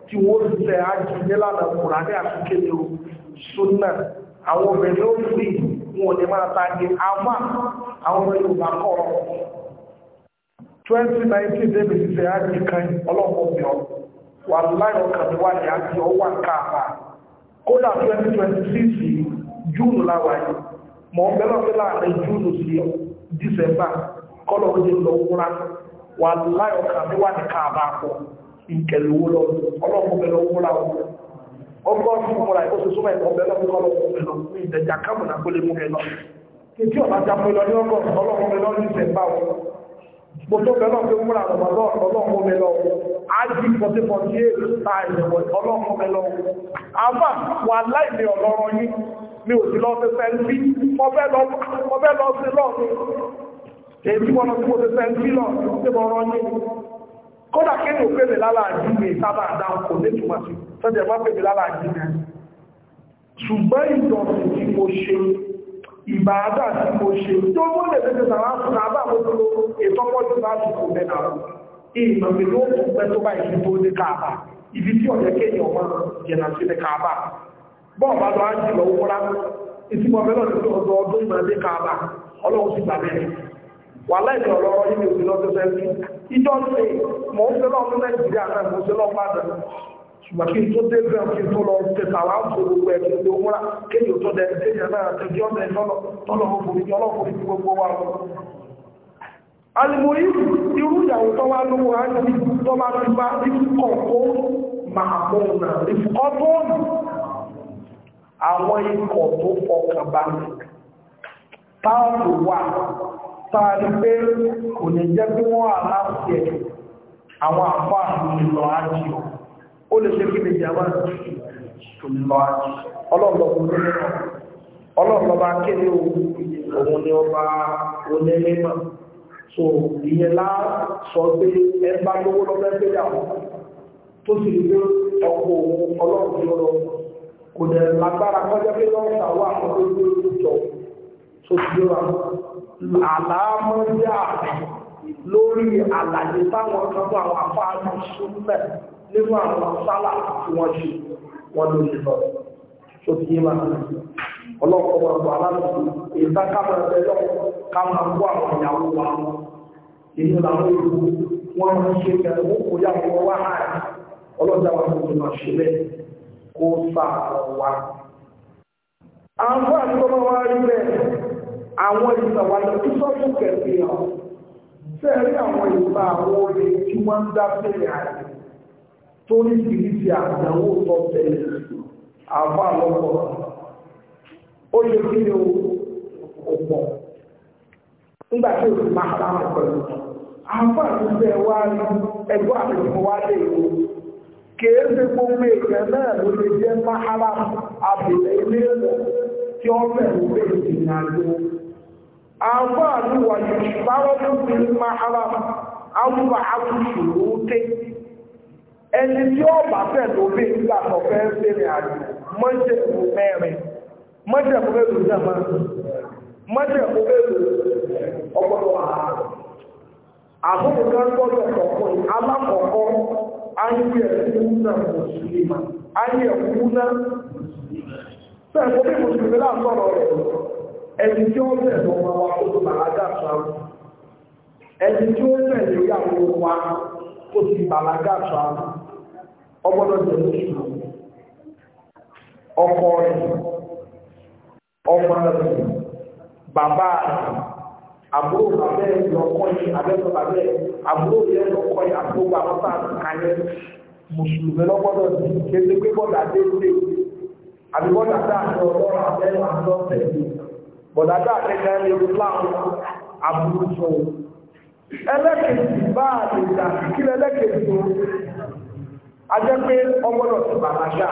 tí wọ́n o súnà àwọn obìnrin ó fi wọn ò máa àmà àwọn ọmọ Yorùbá kọ̀ọ̀rọ̀ 2019 débi ti tẹ ájú kan ọlọ́pọ̀ 2026 mọ̀ ọ́n bẹ́lọ́pẹ́ láàrin júùnù sí dísẹ́mbà kọ́lọ̀ ó lè lọ wúra wà láyọ̀ kàmí wà ní káàbà pọ̀ ìkẹlówó lọ ọlọ́run bẹ̀rẹ̀ owó ra wọn ọgbọ́n fún mọ́ra ìkóso súnmọ́ ẹ̀kọ́ bẹ̀rẹ̀ lọ́wọ́ ọlọ́run bẹ̀rẹ̀ lọ ní ìdẹ̀jà kámù náà kó lè mú ẹlọ títí ọ̀nà jápọ̀ lọ ní ọgbọ́n ọlọ́run bẹ̀rẹ̀ lọ́wọ́ ní ọlọ́run bẹ̀rẹ̀ ọlọ́run bẹ̀rẹ̀ èyí wọ́n lọ sí mo ti fẹ́ ń kílọ̀ tí mo rán ní kódà kí ni òpèlè lálà àjíǹde sábà dáhùn kò ní túmọ̀ sí sọ́jà má pèlè lálà àjíǹde ṣùgbọ́n ìdọ̀sìn tí mo ṣe ìbáadà tí mo ṣe tó mọ́ lè tẹ́tẹ́ sàrá fún àbá àmójúlò ìtọ́pọ́jú bá ti kò mẹ́ta rọ̀ ìmọ̀mí ló kò pẹ́ tó bá ìfi tó ní káàbà ibi tí ọ̀yẹ́ kéèyàn ọmọ jẹ̀nà sí ní káàbà bọ́ọ̀ bá lọ ájì lọ wúra ìtìmọ̀ mẹ́lọ̀ ní ọdọọdún ìmọ̀ ní káàbà ọlọ́run sì gbà bẹ́ẹ̀ wà láìsí ọlọ́rọ̀ nínú òsì lọ́dún sẹ́ńtì ìjọ ṣe mọ̀ ń sẹ́lọ̀ ní nàìjíríà náà mọ̀ ń sẹ́lọ̀ padà ṣùgbọ́n kí n tó dé bẹ́ẹ̀ kí n tó lọ tẹ̀sà wá ń sọ gbogbo ẹ̀kí tó múra kéjì tó dẹ̀ tẹ̀yà náà tẹ̀jú ọ̀dẹ̀ tọ́lọ̀ ọkùnrin ọlọ́kùnrin ti gbogbo wa lọ. alimoyi irú ìyàwó tó wá lówó á ní tó máa ti bá ìfúkọ̀ tó máa mọ̀ náà ìfúkọ̀ tó nù àwọn ikọ̀ tó fọkàn balẹ̀ táàbù wà táàrí pé kò ní jẹ́ bí wọ́n àláàfẹ́ àwọn àpá ìlọ ájì ó lè ṣe kí lè jẹ́ àwọn ìlọ ájì ọlọ́ọ̀lọ́ba kéré òun ni ọba onímọ̀ so ìyẹn lá sọ pé ẹgbà lówó lọ́fẹ́ pé àwọn tó sì rí pé ọkọ̀ òun ọlọ́ọ̀lọ́ kò dẹ̀ lágbára kọjá pé lọ́ọ̀ta wà lórí ìjọ òṣìṣẹ́wà àlàámọ́já lórí àlàyé táwọn àwọn afọ súnmẹ̀ nínú àwọn sálà tí wọ́n ṣe wọ́n ló lọ tó ti wọn aláàbò ìta kámọ̀ àwọn ìyàwó wa àwọn ìsàwádà tó sọ́tún kẹ̀sì hàn fẹ́ẹ̀rí àwọn ìgbà àwọn olè tí wọ́n ń dá sílẹ̀ àti tó ní ìdílé àdánwò tó tẹ̀lé àbá lọ́pọ̀ ó lè kí ni ọ̀pọ̀ nígbà tí o sì máa ra àwọn pẹ̀lú àbá tó fẹ́ wá ní ẹgbẹ́ àtẹ̀sìn wá lè wo kìí ṣe gbogbo èèyàn náà ló lè jẹ́ máa àbẹ̀lẹ̀ ilé ẹ̀kọ́ tí ó bẹ̀rù bẹ́ẹ̀ ìrìn àjò àfáàlú wà yìí báwọ́dú fi máa ara awúwa ẹni tí ó bá fẹ́ lóbi nígbà tó fẹ́ bẹ̀rẹ̀ àjò mọ́jẹ̀kù mẹ́rin mọ́jẹ̀kù mẹ́rin jẹ́mọ́ mọ́jẹ̀kù mẹ́rin ọgbọ́dọ̀ àárọ̀ àbúrò kan gbọ́dọ̀ kọ̀ọ̀kan alákọ̀ọ́kọ́ ayé ẹ̀kú náà mùsùlùmí ayé ẹ̀kú náà sẹ́ẹ̀kú bí mùsùlùmí láàtọ̀rọ̀ rẹ̀ ẹni tí ó tẹ̀lé ọmọ wa kó tó bàlágà sáwù ẹni tí ó tẹ̀lé ìyàwó wa kó ti bàlágà sáwù ọgbọ́dọ̀ jẹ́ lóṣù ọkọ rẹ̀ ọmọ rẹ̀ bàbá àbúrò bàbá yìí abẹ́tọ̀ bàbá àbúrò yìí àbúrò bàbá bá kàlẹ́ mùsùlùmí lọ́gbọ́dọ̀ ní kéde pé bọ̀dàdà àtẹ́gbẹ́ ní orí láàmù àbúrú sọ ẹlẹ́kẹ̀ẹ́sì bá àdìjà kí lẹ́lẹ́kẹ̀ẹ́sì tó ajẹ́ pé ọgbọ́dọ̀ ti bàlágà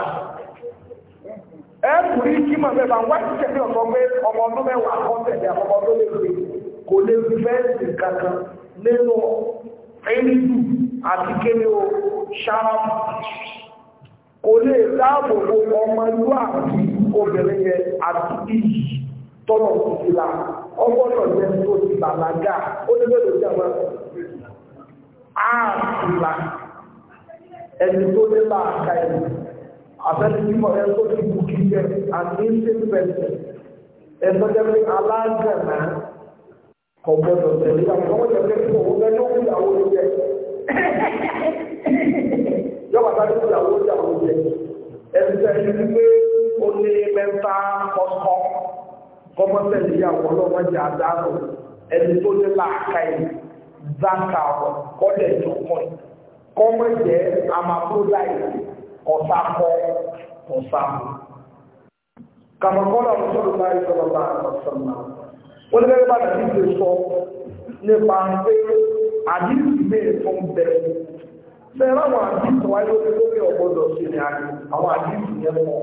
ẹ̀kùnrin kí mọ̀ mẹ́fà wá sí kẹ́kẹ́ ọ̀sọ́ pé ọmọ ọdún mẹ́wàá kọ́ tẹ̀lé ọmọ ọdún lè fi kò lè fi fẹ́ẹ̀sì kankan nínú ẹ̀yìnlú àti kéde o ṣáà kò lè dáàbò bo ọmọlúwàbí obìnrin yẹn àti ìyí tọ́lọ̀ ti ti la ọgbọ́dọ̀ jẹ́ tó ti bàlágà ó ní mélòó tí a máa sọ. Ààtìlà ẹni tó ní bá a ka ẹni àbẹ́ni mímọ́ ẹni tó ti bù kí jẹ àti ìṣèlú pẹ̀lẹ́ ẹ̀sọ́ jẹ́ pé alágànà kò gbọdọ̀ tẹ̀lé àwọn ọmọ jẹ́ pé kò wọ́n ẹni ó kú ìyàwó ló jẹ. Yọ̀bà tá a ní kú ìyàwó ló jẹ àwọn jẹ. tẹ̀lé ni pé ní mẹ́ta kọ̀ọ̀kan kọ́mọ́tẹ̀lì yà wọ́n lọ́wọ́ jẹ́ àdánù ẹni tó ní làákà yìí zaka ọ̀ kọ́lẹ̀ tó kàn yìí kọ́mọ́ jẹ́ amaprodaiti ọ̀sàkọ́ ọ̀sàkọ́. kàmọ́kọ́lá ọ̀sọ́rọ̀ bá yẹ sọ̀rọ̀ bá ọ̀sọ̀rọ̀ náà. ó ní bẹ́ẹ̀ bá ti ti sọ nípa pé àdìsí e bẹ́ẹ̀ tó ń bẹ fẹ́ràn àwọn àdìsí wáyé ó ti lórí ọ̀gbọ́dọ̀ sí ni àwọn àdìsí yẹn pọ̀.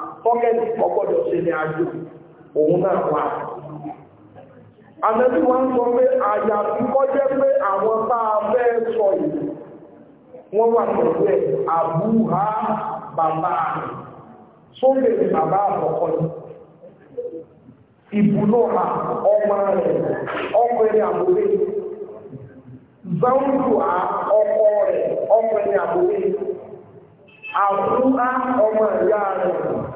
pọ́kẹ́tì ọgbọ́dọ̀ ṣe ní àjò òun náà wà. wọ́n sọ pé jẹ́ pé àwọn a fẹ́ sọ wọ́n wà pẹ̀lú ẹ̀ àbúhá bàbá rẹ̀ sókè ní bàbá àkọ́kọ́ ha ọmọ rẹ̀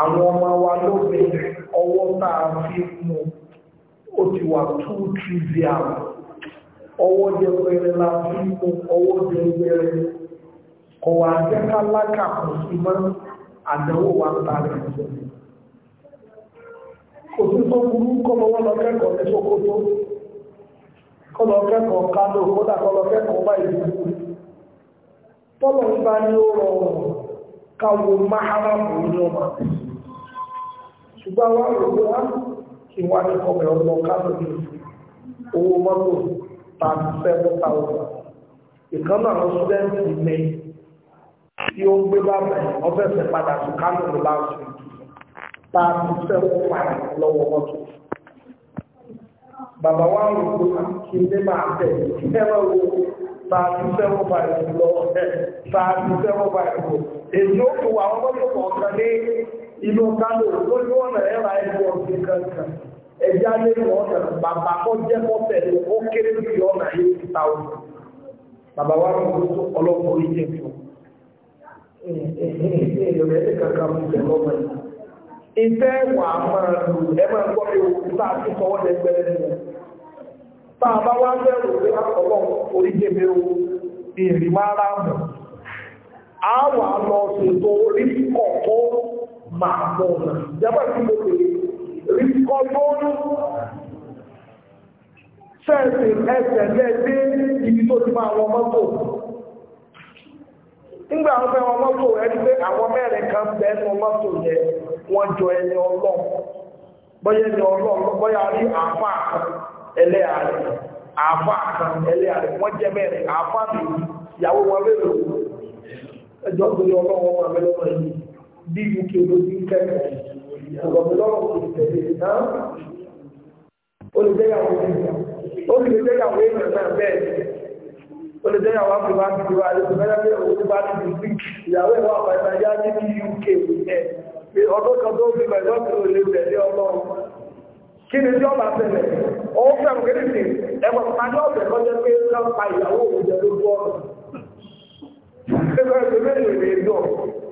àwọn ọmọ wa lóbìnrin ọwọ́ tá a fi mú ó ti wà two trivial ọwọ́ jẹ pẹrẹ la fi mú ọwọ́ jẹ pẹrẹ kọ̀ wá jẹ́ ká lákàkùn sí mọ́ àdánwò wa ta rẹ̀ kò sí burú wọn ní kẹ́kọ̀ọ́ Kánò kódà kẹ́kọ̀ọ́ báyìí ń bá ṣùgbọ́n wá rò pé wá kí wá ní kọ́mẹ̀ ọmọ káàkiri owó mọ́tò tàbí seven thousand ìkan náà lọ sílẹ̀ǹtì mi tí ó ń gbé bàbá yìí ọbẹ̀ fẹ́ padà sí kánò ní láti tàbí seven five lọ́wọ́ mọ́tò bàbá wa rò pé kí ní máa tẹ̀ ẹ̀rọ wo tàbí seven five lọ tàbí seven five lọ èyí ó fi wà ọmọ mọ́tò kọ̀ọ̀kan ní. inú kánò lójú ọ̀nà ẹ̀rà ẹ̀kọ́ ọ̀sẹ̀ kankan ẹ̀já lé wọn ọ̀nà bàbá kọ́ jẹ́ mọ́tẹ̀ ó kéré jù ọ̀nà yìí ti ta òun bàbá wa kò tó ọlọ́pọ̀ orí fún ìrẹ̀ ẹ̀ kankan mú jẹ lọ́mọ yìí. ìfẹ́ wà máa lù ẹ máa bẹ̀rù pé mi màmúnà ìjábọ̀ tí mo pè rí kọ́bọ́ọ̀nù ṣẹ́ẹ̀sì ẹsẹ̀ lẹ́ẹ̀dẹ́ ibi tó ti máa wọn mọ́tò nígbà àwọn fẹ́ wọn mọ́tò ẹni pé àwọn mẹ́rin kan bẹ́ẹ̀ nu mọ́tò yẹn wọ́n jọ ẹni ọlọ́ọ̀ bọ́yá ẹni ọlọ́ọ̀ bọ́yá rí àáfàá kan ẹlẹ́yà rẹ̀ àáfàá kan ẹlẹ́yà rẹ̀ wọ́n jẹ́ mẹ́rin àáfàá dívù kí olóbi ń kẹ́kẹ̀ẹ́ ọ̀rọ̀mọlọ́rọ̀ kò lè tẹ̀lé e náà olùdẹ́yàwó ènìyàn olùdẹ́yàwó ènìyàn náà bẹ́ẹ̀ ni olùdẹ́yàwó àbúrò àbúrò àdébùmẹ́lẹ́gbẹ́ owó bá ti di sí ìyàwó ẹ̀wọ̀ àbáyá yá ní bí uk ẹ̀ pé ọdún kan tó fi bẹ̀rẹ̀ lọ́sùn olè tẹ̀lé ọlọ́run kí ni jọ́ bá tẹ̀lé ó fẹ́ràn kí ni ẹ̀wọ̀n pàdé ọ̀bẹ̀ kọjá pé lọ́pa ìyàwó òun jẹ lógún ọ̀rọ̀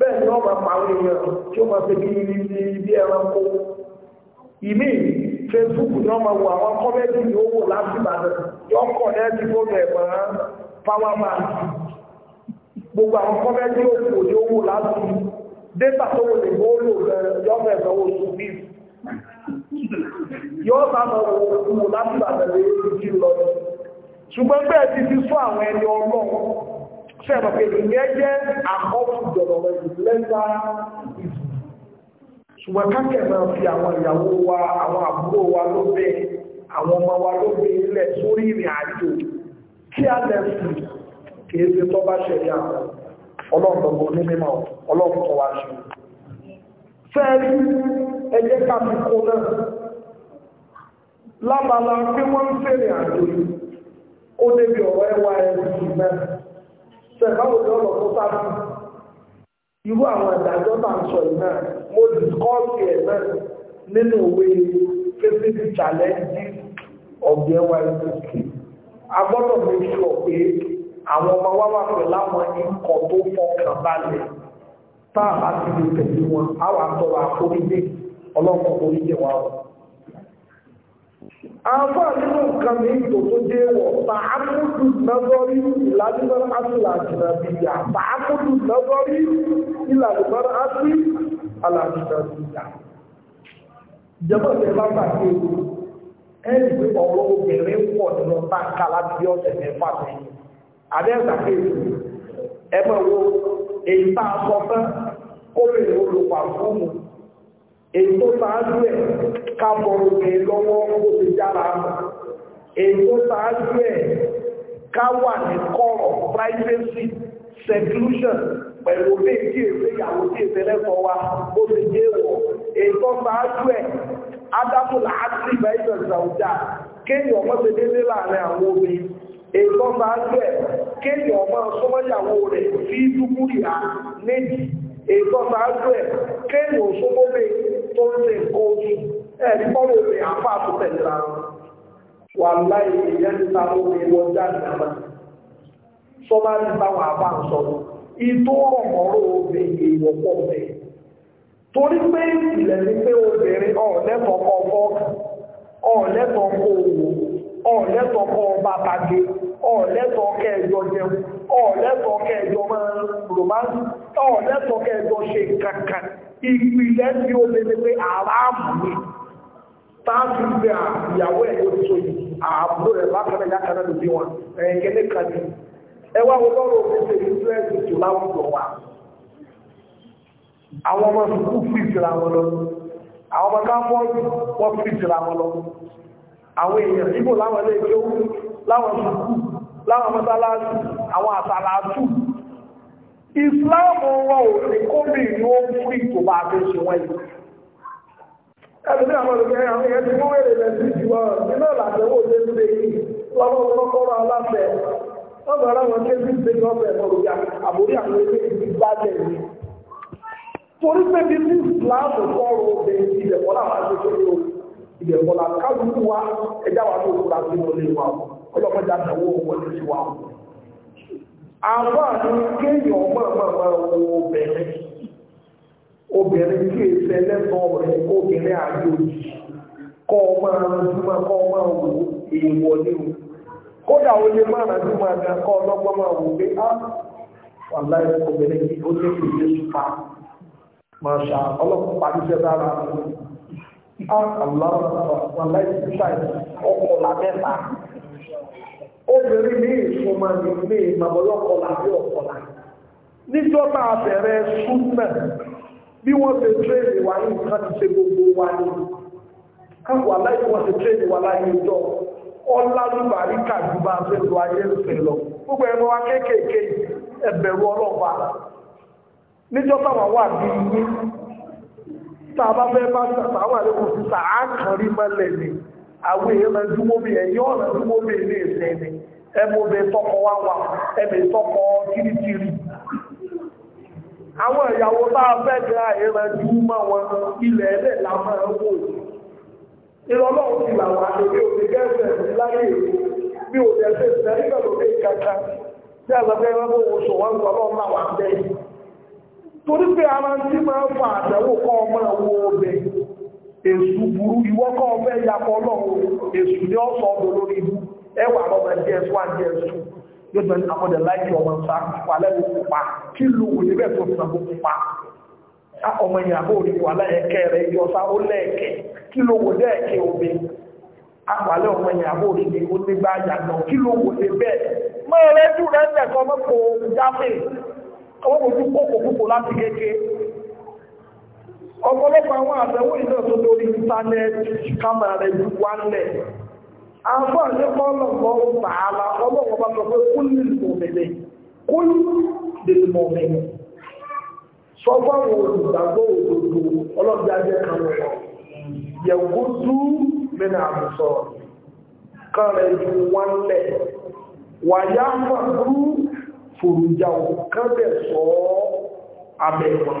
bẹ́ẹ̀ ni wọ́n máa pàwọn èèyàn tí ó máa fi bí ibi ẹranko ìmí Facebook ni wọ́n máa wo àwọn kọ́mẹ́dì ní owó láti Ìbàdàn yọ kọ̀ lẹ́ẹ̀dì fóònù ẹ̀gbọ́n power man. gbogbo àwọn kọ́mẹ́dì òkú ní owó láti débà tó wò lè wọ́n lò lẹ́rẹ̀ yọ bẹ̀ lọ́wọ́ sùgbì yọ bá lọ wo owó láti Ìbàdàn lè ṣùgbọ́n bẹ́ẹ̀ ti fi fún àwọn ẹni ọlọ́run sẹ́ẹ̀bà pé ìyẹn jẹ́ àkọ́kùjọ̀rọ̀ ìlẹ́gbà ìlú ṣùgbọ́n kákẹ́ máa fi àwọn ìyàwó wa àwọn àbúrò wa lóbe àwọn ọmọ wa lóbe ilẹ̀ sórí ìrìn àjò kí a lè fi kìí ṣe tó bá ṣẹlẹ̀ àwọn ọlọ́ọ̀dọ́gbọ̀ ní mímọ́ ọlọ́ọ̀tọ́ wa ṣe fẹ́ẹ̀rí ẹjẹ́ ká fi kó náà lábala pé wọ́n ń fèrè àjò yìí ó débi ọ̀rọ̀ ẹwà ẹ̀rù sọ ìbáwò ní ọ̀nà tó sáà fún irú àwọn ìdájọ́ náà sọ yìí náà mo discourse ẹ̀ náà nínú òwe facing challenges of the NYSC a gbọ́dọ̀ make sure pé àwọn ọmọ wa wà pẹ̀lú àwọn ikọ̀ tó fọkàn balẹ̀ tá a bá ti lè tẹ̀lé wọn á wà tọrọ àforíjì ọlọ́kọ̀ọ́ oríjì wa wọn afọ́ nínú nǹkan mi tó tó dé wọ̀ tààmùdù nàbọ́rí ìlànìmọ́ra asìlàjìnàbíyà tààmùdù nàbọ́rí ìlànìmọ́ra asìlàjìnàbíyà jẹ́mọ̀ tẹ bá pàdé ẹni pé ọ̀rọ̀ obìnrin pọ̀ nínú táǹkà láti bí ọ̀sẹ̀ mẹ́fà sẹ́yìn abẹ́ẹ̀sàkè ẹ mọ̀ wo èyí tá a sọ fẹ́ kó èyí tó sáájú ẹ̀ kábọ̀ òkè lọ́wọ́ ó ti jára mọ̀ èyí tó sáájú ẹ̀ káwà ní kọ́rọ̀ privacy seclusion pẹ̀lú bí kí èsè ìyàwó tí èsè wa ó ti dé wọ̀ èyí tó sáájú ẹ̀ ádámùlà àti ìbẹ́sẹ̀ ìsàwùjá kéèyàn ọmọ ti délé láàrin àwọn obìnrin èyí tó sáájú ẹ̀ kéèyàn ọmọ súnmọ́yàwó rẹ̀ sí dúkúrìá méjì èyí tó ó ń lè kó ẹ̀rí bọ́ọ̀lù rẹ̀ àpá àtúntẹ̀ ìlà wọn wà láì ìyẹn ti ta ló ní wọ́n jáde náà sọ́mà ní báwọn àbá ń sọ ìtò ọ̀mọ́rọ̀ obìnrin ìwọ̀pọ̀ bẹ́ẹ̀ torí pé ìpìlẹ̀ ni pé obìnrin ọ̀lẹ́tọ̀ kọ fọ́ọ̀kì ọ̀lẹ́tọ̀ kọ òwò ọ̀lẹ́tọ̀ kọ bàbàgé ọ̀lẹ́tọ̀ kẹjọ jẹun ọ̀lẹ́tọ̀ kẹjọ máa rọmánsì ọ̀lẹ́tọ̀ kẹjọ ṣe kankan ìpìlẹ̀ tí ó lè pé àráàmù ní táàbí pé ìyàwó ẹ̀ ló tó yìí ààbò rẹ̀ bákanáà yákanáà ló bí wọn ẹ̀yẹ̀kẹ́ ní kan ní ẹwà ọlọ́rọ̀ òfìsè ìfúrẹ́sì tó láwùjọ wa àwọn ọmọ sùkú fìtìra wọn lọ àwọn ọmọ káfọ́ọ̀sì wọ́n fìtìra wọn lọ àwọn èèyàn níbò láwọn ilé ìjọ láwọn sùkú láwọn mọ́tálásì àwọn àtàlásù ìsìláàmù wọn ò ní kó mi ní ó fún ìtòbá àbẹ́ṣe wọn yìí ẹ̀sìn àwọn olùkẹ́ àwọn èèyàn ti wọ́n wẹ̀rẹ̀ lẹ́sí ìjùwọ́ nínú ìlàjẹ́wò tó ń gbé yìí lọ́wọ́ lọ́kọ́rọ́ aláfẹ́ wọ́n bẹ̀rẹ̀ wọn ké sí ìgbé lọ́fẹ̀ lọ́rùyà àbórí àwọn ẹgbẹ́ ìdí gbájẹ̀ yìí torí pé bí ní ìsìláàmù sọ̀rọ̀ ọbẹ̀ ìdẹ̀kọ́ làwọn aṣojú ní o ìdẹ̀kọ́ làwọn kálukú wa ẹjá wa tó kúra sí wọlé wa ọlọ́mọdé àtàwọn òwò àbá ní kéèyàn mọ̀mọ̀mọ̀ wo obìnrin obìnrin kí èsì ẹlẹ́tọ̀ rẹ̀ obìnrin àjòjì kọ́ ọmọ aránjúmọ́ kọ́ ọmọ wò èèwọ̀ ní o kódà ó lè má aránjúmọ́ àgbà kọ́ máa pé á ah, wà obìnrin kí ó ilé súpa máa ṣà ọlọ́pàá pàdíṣẹ́ dára á àlọ́ wà ọkọ̀ obìnrin ní ìfọmọ ní ilé ìmọ̀bọ̀lọ́kọlà àbí ọ̀kọlà níjọba àbẹ̀rẹ̀ súnmọ̀ bí wọ́n ṣe tírèdì wà ní nǹkan ti ṣe gbogbo wa ní káwà láyé wọ́n ṣe tírèdì wà láyé ìjọ ọlálùbárí kàdúbà ṣe lọ ayé ìfẹ́ lọ gbogbo ẹ̀rọ wa kéékèèké ẹ̀bẹ̀rù ọlọ́pàá níjọba wà wà bí yín tá a bá fẹ́ bá sàtàwà lẹ́kùn sí sàá rí mọ́lẹ̀ ni. àwọn èèyàn máa dúró bí ẹ̀yìn ilé ìsìn ni ẹmọbẹ tọkọ wá wà tọkọ kirikiri àwọn ìyàwó bá fẹ́ gba ìran dúró mọ́ wọn ilẹ̀ ẹlẹ́ la máa ń wò ìrọlọ́run ti làwọn kankan sọ wọn náà wà torí pé máa ń fa ọmọ èsù burú ìwọ́kọ́ ọ̀fẹ́ ìyàpọ̀ ọlọ́run èsù ní ọ̀sọ̀ ọ̀dọ̀ lórí ibú ẹwà lọ́mọ js1 js2 yóò tẹ̀lé àkọ́dẹ̀ láìkí ọmọ sá wà lẹ́nu pupa kí lu òdìbẹ̀ tó ti sàbó pupa ọmọ ìyàbó rí wà lẹ́ẹ̀kẹ́ rẹ̀ yọ sá ó lẹ́ẹ̀kẹ́ kí ló wò lẹ́ẹ̀kẹ́ omi àpàlẹ́ ọmọ ìyàbó rí ni ó ní gbá yàgbọ́ kí ló wò lé bẹ́ẹ̀ mọ́ ẹrẹ́jú rẹ̀ ń tẹ̀kọ́ mọ́ kò jáfẹ́ ọmọ ojú kókò ọ̀pọ̀lọpọ̀ àwọn àtẹ̀wò ìlú tó lórí íńtánẹ́ẹ̀tì kámẹ́rà rẹ̀ ju wálẹ̀ àwọn àlẹ́kọ́ ọlọ́pọ̀ tààlà ọlọ́pọ̀ bá sọ pé kún lèmọ̀mẹ̀lẹ̀ kún lèmọ̀mẹ̀lẹ̀ sọ fáwọn olùgbàgbọ́ òdodo ọlọ́pàá jẹ́ kan wọ̀ yẹ̀kú tú mẹ́nà àmùsọ kan rẹ̀ ju wálẹ̀ wàyá fàbúrú fòrùjà òkú kan bẹ̀ sọ abẹ́ wọn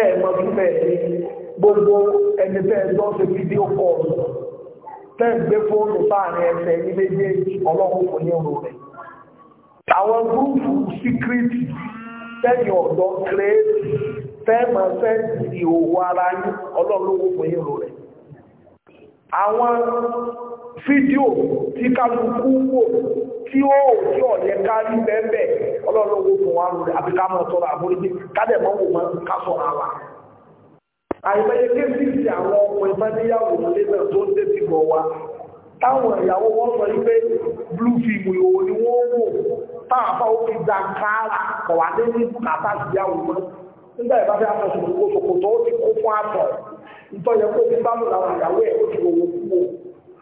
ẹ mọ̀ sí bẹ́ẹ̀ ni gbogbo ẹni tẹ́ ẹ lọ sí fídíò kọ́ọ̀lù tẹ́ ẹ gbé fóònù sáàrin ẹsẹ̀ ní méjèèjì ọlọ́run kò ní òru rẹ̀ àwọn gúrúùfù síkírìtì tẹ́yìn ọ̀dọ́ kírẹ́ẹ̀tì tẹ́ẹ̀mọ̀ sẹ́ẹ̀tì ìhòòhò ara yín ọlọ́run kò ní òru rẹ̀ àwọn fídíò tí kálukú wò tí ó tí ọ̀yẹ kárí bẹ́ẹ̀ ọlọ́lọ́wọ́ fún wa lórí àbíkámọ̀ tọrọ àforíjì kádẹ̀ mọ́ wò mọ́ kásọ̀ ara àìmọye kéèsì ti àwọn ọmọ ìmọ̀níyàwó nílé náà tó ń dé ti bọ̀ wá táwọn ìyàwó wọn sọ wípé blue film ìhòòhò ni wọ́n wò táàfà ó fi da káàrà kọ̀wá dé ní bùkátà ìyàwó mọ́ nígbà ìbá fẹ́ aṣọ ṣòkòtò ó ti kó fún àtọ̀ ìtọ́jẹ́ kó fi bá lò láwọn ìyàwó ẹ̀ ó ti wò wò kú wò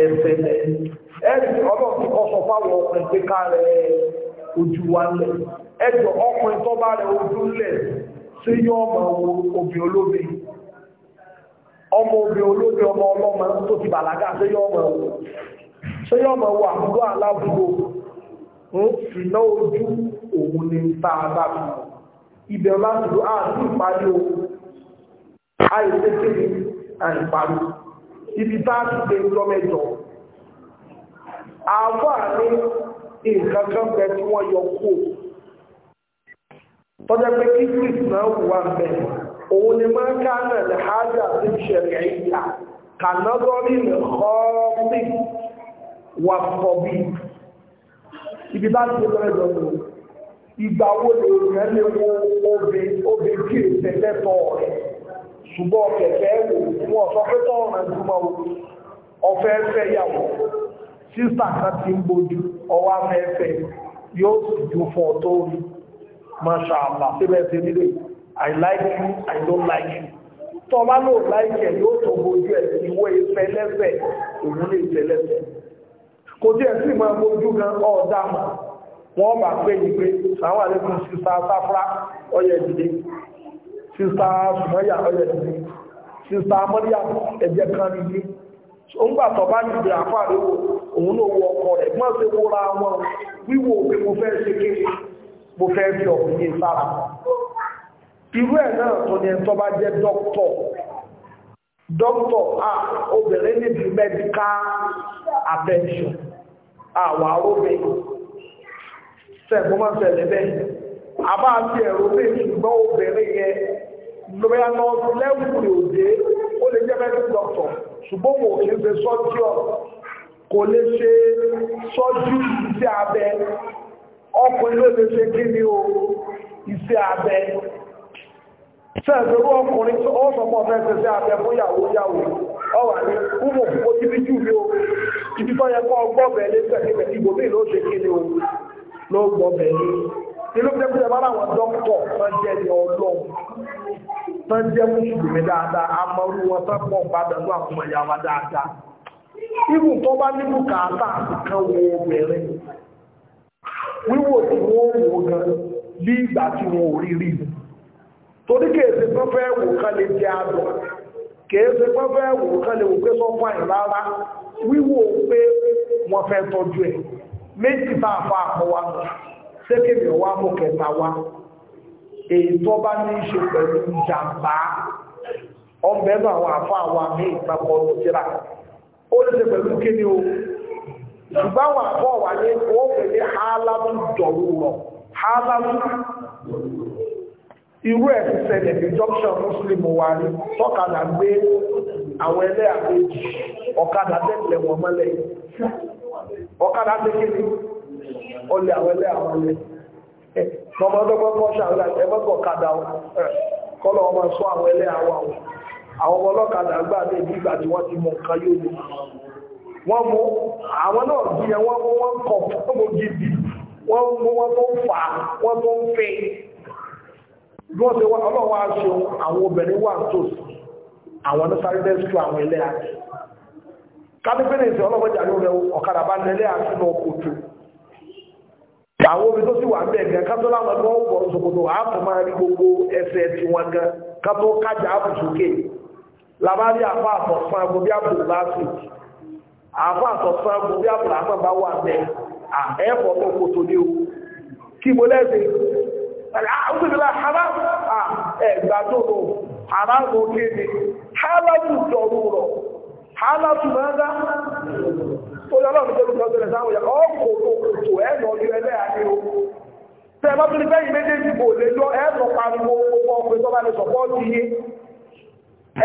ẹsẹ̀ lẹ̀ ẹ̀rí ọlọ́run kọ́ sọ fáwọn ojú wa ọkùnrin tó rẹ ojú lẹ̀ yọ ọmọ obì ọmọ ọmọ tó ti bàlágà ọmọ wo ọmọ wo àbúrò aláàbúrò ń fìná ojú òun ni a ibẹ̀ láti lọ àti ibi bá ti pé lọ́mẹ́jọ àwọ́ àní nǹkan kan bẹ tí wọ́n yọ kó tọ́jẹ́ pé kí chris náà wà bẹ̀ òun ni máa ká náà lè hájà sí ìṣẹ̀lẹ̀ ìyá kànádọ́rì lè kọ́ọ́bì wà pọ̀bì ibi bá ti pé lọ́mẹ́jọ lọ ìgbà wo lè rẹ̀ lè wo obè kí èsè lẹ́tọ̀ọ́ rẹ̀ ṣùgbọ́n kẹ̀kẹ́ wò wọn sọ pé tọ́rọ̀ náà dúró ọ̀fẹ́ fẹ́ yàwó sísà kan ti ń bójú ọwọ́ afẹ́fẹ́ yóò sì ju fún ọ tó rí masha allah i like you i don't like you tọ́ ọ lò like ẹ̀ yóò tó bójú ẹ̀ ìwọ ìfẹ́ lẹ́sẹ̀ òun lè fẹ́ lẹ́sẹ̀ kò tí ẹ̀ sì máa bójú gan ọ̀ọ́dà mọ́ wọ́n bá pè ní pé sàwọn àlékún sísà sáfúrá ọyẹ ìdílé sísá mọ́yà ọyẹ nìyí sísá mọ́yà ẹ̀jẹ̀ kan nìyí ó ń gbà tọ́ bá nìyí àpá rẹ̀ wò òun ló wọ ọkọ rẹ̀ mọ́ sí wúra wọn wíwò pé mo fẹ́ ṣe kí mo fẹ́ fi ọkùnrin sára irú ẹ̀ náà tó ní ẹ̀tọ́ bá jẹ́ dókítọ̀ dókítọ̀ a obìnrin níbi medical attention àwọn aróbẹ̀ sẹ́gbọ́n máa ń tẹ̀lé bẹ́ẹ̀ àbá àti ẹ̀rọ bẹ́ẹ̀ ṣùgbọ́n obìnrin yẹn lóyá lọ lẹ́wù rẹ̀ òde ó lè jẹ́ mẹ́rin dọ́kítọ̀ ṣùgbọ́n wò kí n ṣe sọ́jú kò lè ṣe sọ́jú iṣẹ́ abẹ ọkùnrin ló lè ṣe kí ni o iṣẹ́ abẹ sẹ́ẹ̀sẹ̀rú ọkùnrin ó sọ pọ̀ fẹ́ ṣe iṣẹ́ abẹ fún yàwó yàwó ọwà ní kúmọ̀ kó ibi jù ní o ibi tó yẹ kọ́ gbọ́bẹ̀ lé sẹ́kẹ̀kẹ̀ ibòmí ló ṣe kí ni o ló gbọ́bẹ̀ lé inú pẹ́pẹ́ bá láwọn dókítọ̀ wọ́n ni ọlọ́run tán jẹ́ mùsùlùmí dáadáa amọ́rú wọn tán pọ̀ padà ní àkùnmọ̀ ìyá wa dáadáa ibù tó bá ní bùkátà kan wo obìnrin wíwò tí wọ́n wò gan bí ìgbà tí wọ́n ò rí rí torí kèèsè pọ́n fẹ́ wò kán lè jẹ àdùn kèèsè pọ́n fẹ́ wò kán lè wò pé sọ́fà ẹ̀ rárá wíwò pé wọ́n fẹ́ tọ́jú ẹ̀ méjì bá fa àpọ̀ wa ṣé kébì ọwá mú kẹta wa èyí tó bá ní í ṣe pẹ̀lú ìjàmbá ọbẹ̀ nù àwọn àfọ àwọn àmì ìpapọ̀ òṣìṣẹ́ra ó ní ṣe pẹ̀lú o ṣùgbọ́n àwọn wà ní rọ̀ irú ẹ̀ ti muslim wà ní tọ́kadà gbé àwọn ẹlẹ́ ọ̀kadà tẹ̀lẹ̀ wọ́n mọ́lẹ̀ ọ̀kadà àwọn ẹlẹ́ àwọn ẹlẹ́ ọmọ ọdọ́gbọ́ kọ́ ṣàrà ẹgbẹ́kọ̀ kàdà kọ́lọ̀ ọmọ sọ àwọn ẹlẹ́ àwọn àwọn àwọn ọlọ́kadà gbà ní ibi ìgbà tí wọ́n ti mọ nǹkan yóò wọ́n mú àwọn náà wọ́n mú wọ́n kọ̀ gidi wọ́n mú wọ́n tó ń fà wọ́n tó ń fẹ́ àwọn omi tó sì wà bẹ́ẹ̀ gan kátó láwọn ẹgbẹ́ ọ̀pọ̀ ṣòkòtò àpò máa rí gbogbo ẹsẹ̀ tí wọ́n gan kátó kájà àpò sókè labari àpá àtọ̀sán agbó bí àpò láti àpá àtọ̀sán agbó bí àpò láti bá wà bẹ́ẹ̀ ẹ̀fọ́ tó kò tó ní o kí mo lẹ́sẹ̀ àwùjọba hara ẹ̀gbàdòdò hara lókè ni hara tù dọ̀rù rọ̀ hara tù mẹ́ta torí ọlọ́run tó lùkọ́ sọ̀rọ̀ sáwọn yàrá ọkọ̀ òkòtò ẹ̀nà ọdún ẹlẹ́ àdé o tẹ ẹ bá tún ní bẹ́yìn méjèèjì kò lè lọ ẹ̀nà pariwo gbogbo ọkùnrin tó bá lè sọ̀pọ̀ ti yé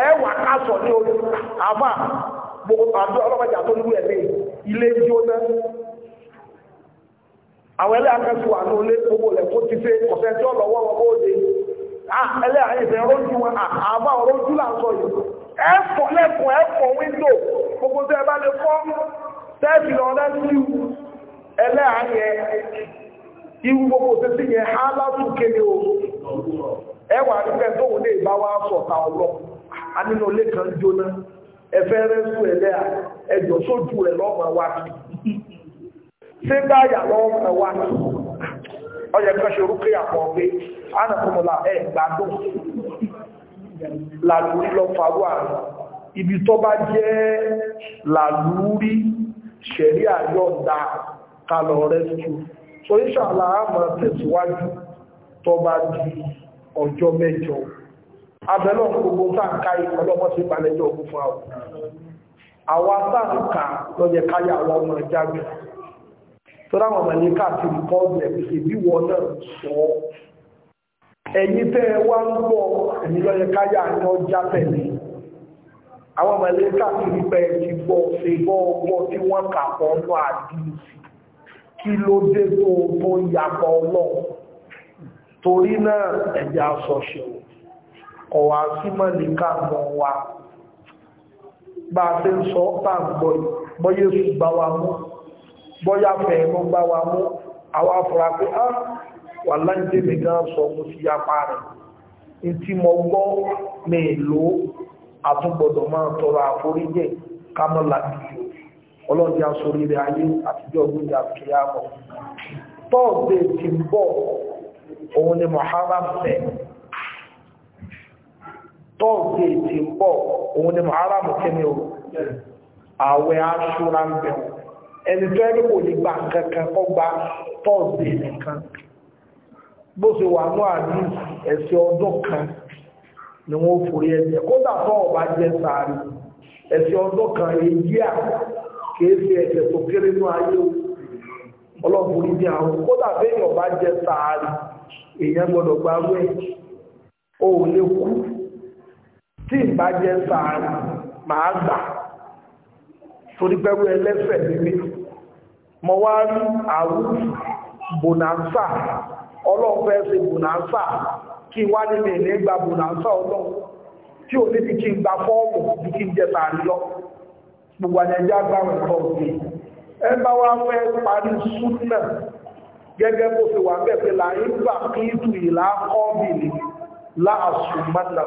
ẹ wà kásọ̀ ní orí àfà gbogbo àdó ọlọ́mọdé tó lù ẹ̀lẹ́ ilé jóná àwọn ẹlẹ́ akẹ́sù wà ní olé gbogbo rẹ̀ kó ti fẹ́ kọ̀fẹ́ tí ọlọ́wọ́ wọn kó dé ẹlẹ́ àyẹ̀fẹ́ rójú wọn àbá rójú là ń sọ yìí ẹ̀fọ́ lẹ́kùn ẹ̀fọ́ wíńdò gbogbo tẹ́ ẹ bá lè fọ́ tẹ́ẹ̀fì lọ láti ẹlẹ́àáyẹ iwu gbogbo títí yẹn ha látún kéde o ẹwà nígbẹ́ tó wọlé bá wá sọ̀tà ọlọ́ anínú ilé kan jóná ẹfẹ́ rẹ̀ ẹjọ́ sójú lọ́mọ wa lọ́mọ wa ọyẹ kan ṣe orúkẹ́ àpọ̀ pé ánàkùnmọ̀lá ẹ̀ gbádùn làlúrí lọ fàwọ́ ibi tó bá jẹ́ ṣẹ̀rí àyọ̀ǹda kálọ̀ rescue so inshallah a máa tẹ̀síwájú tó bá di ọjọ́ mẹ́jọ abẹ́lọ́ gbogbo sáǹkà ìkọlọ́mọ́ sí ìbàlẹ́jọ́ ogun fún àwọn àwọn sáǹkà lọ́yẹ káyà àwọn ọmọ ìjágbé tó dáwọn mọ̀lẹ́kà ti rí kọ́ọ̀dù ẹ̀bí sí bí wọ́n náà sọ ẹ̀yìn tẹ́ ẹ wá ń gbọ́ ẹ̀mí lọ́yẹ káyà ní ọjà tẹ̀lé àwọn mẹ̀lẹ́kà ti rí pẹ́ ti bọ́ ṣe bọ́ ọgbọ́ tí wọ́n kà pọ̀ ń lọ àdìsí kí ló dé tó tó yàpọ̀ ọlọ́run torí náà ẹ̀jẹ̀ asọ̀ṣẹ̀ ọ̀wà sí mẹ̀lẹ́kà mọ̀ wa bá a ṣe ń sọ bá ń gbọ́ bọ́yé sùn bá wa mú bọ́yá fẹ̀ẹ́nú bá wa mú àwọn afọ̀rà pé á ah, wà láńdé mi gan sọ mo ti yapa rẹ̀ ní tí mo gbọ́ mi lòó àtúgbọ̀dọ̀ máa tọrọ àforíjẹ́ kámọ́lá ìlú ọlọ́dí asorí rẹ̀ ayé àtijọ́ gbígbà kìyàmọ̀ tọ́ọ̀dẹ̀ ti bọ̀ òun ni Muharram tẹ̀ tọ́ọ̀dẹ̀ ti bọ̀ òun ni Muharram kẹ́mi o àwẹ̀ aṣúra ń bẹ̀ ẹni tó ẹni kò lè gba kankan ni wọ́n forí ẹ̀jẹ̀ kódà tó ọba jẹ sáré ẹ̀sìn ọdún kan èyí à kìí ṣe tó kéré ní ayé ọlọ́ọ̀bùnrin ní àwọn kódà ọba jẹ sáré èèyàn gba o ò lè kú tí ìbá jẹ́ sáré màá gbà torí pẹ́rú ẹlẹ́sẹ̀ níbi mo wá rí kí wá nílé ilé gba bùnàṣọ́ ọlọ́run tí ò ní ti kí n gba fọ́ọ̀mù bí kí n jẹ tààrí lọ gbogbo àjẹjẹ́ agbáwọn ẹ̀kọ́ òfin ẹ bá wá fẹ́ parí súnà gẹ́gẹ́ bó fi wà bẹ́ẹ̀ láyé gbà kí ìtù ìlà kọ́bìlì láàṣù mọ́nà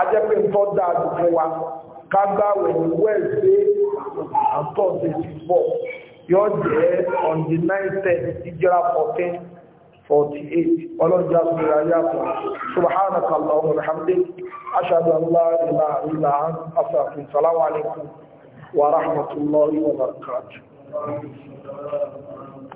ajẹ́pẹ́ ń tọ́ dáadù fún wa kágbàwẹ̀ ní wẹ́ẹ̀dẹ́ àtọ́sẹ̀ bọ̀ yóò jẹ́ on the 9th ìjọra 14 48 ọlọ́jà sọ̀rọ̀ ayé àpọ̀ subhanaka allahumma wa bihamdika ashhadu wa rahmatullahi wa barakatuh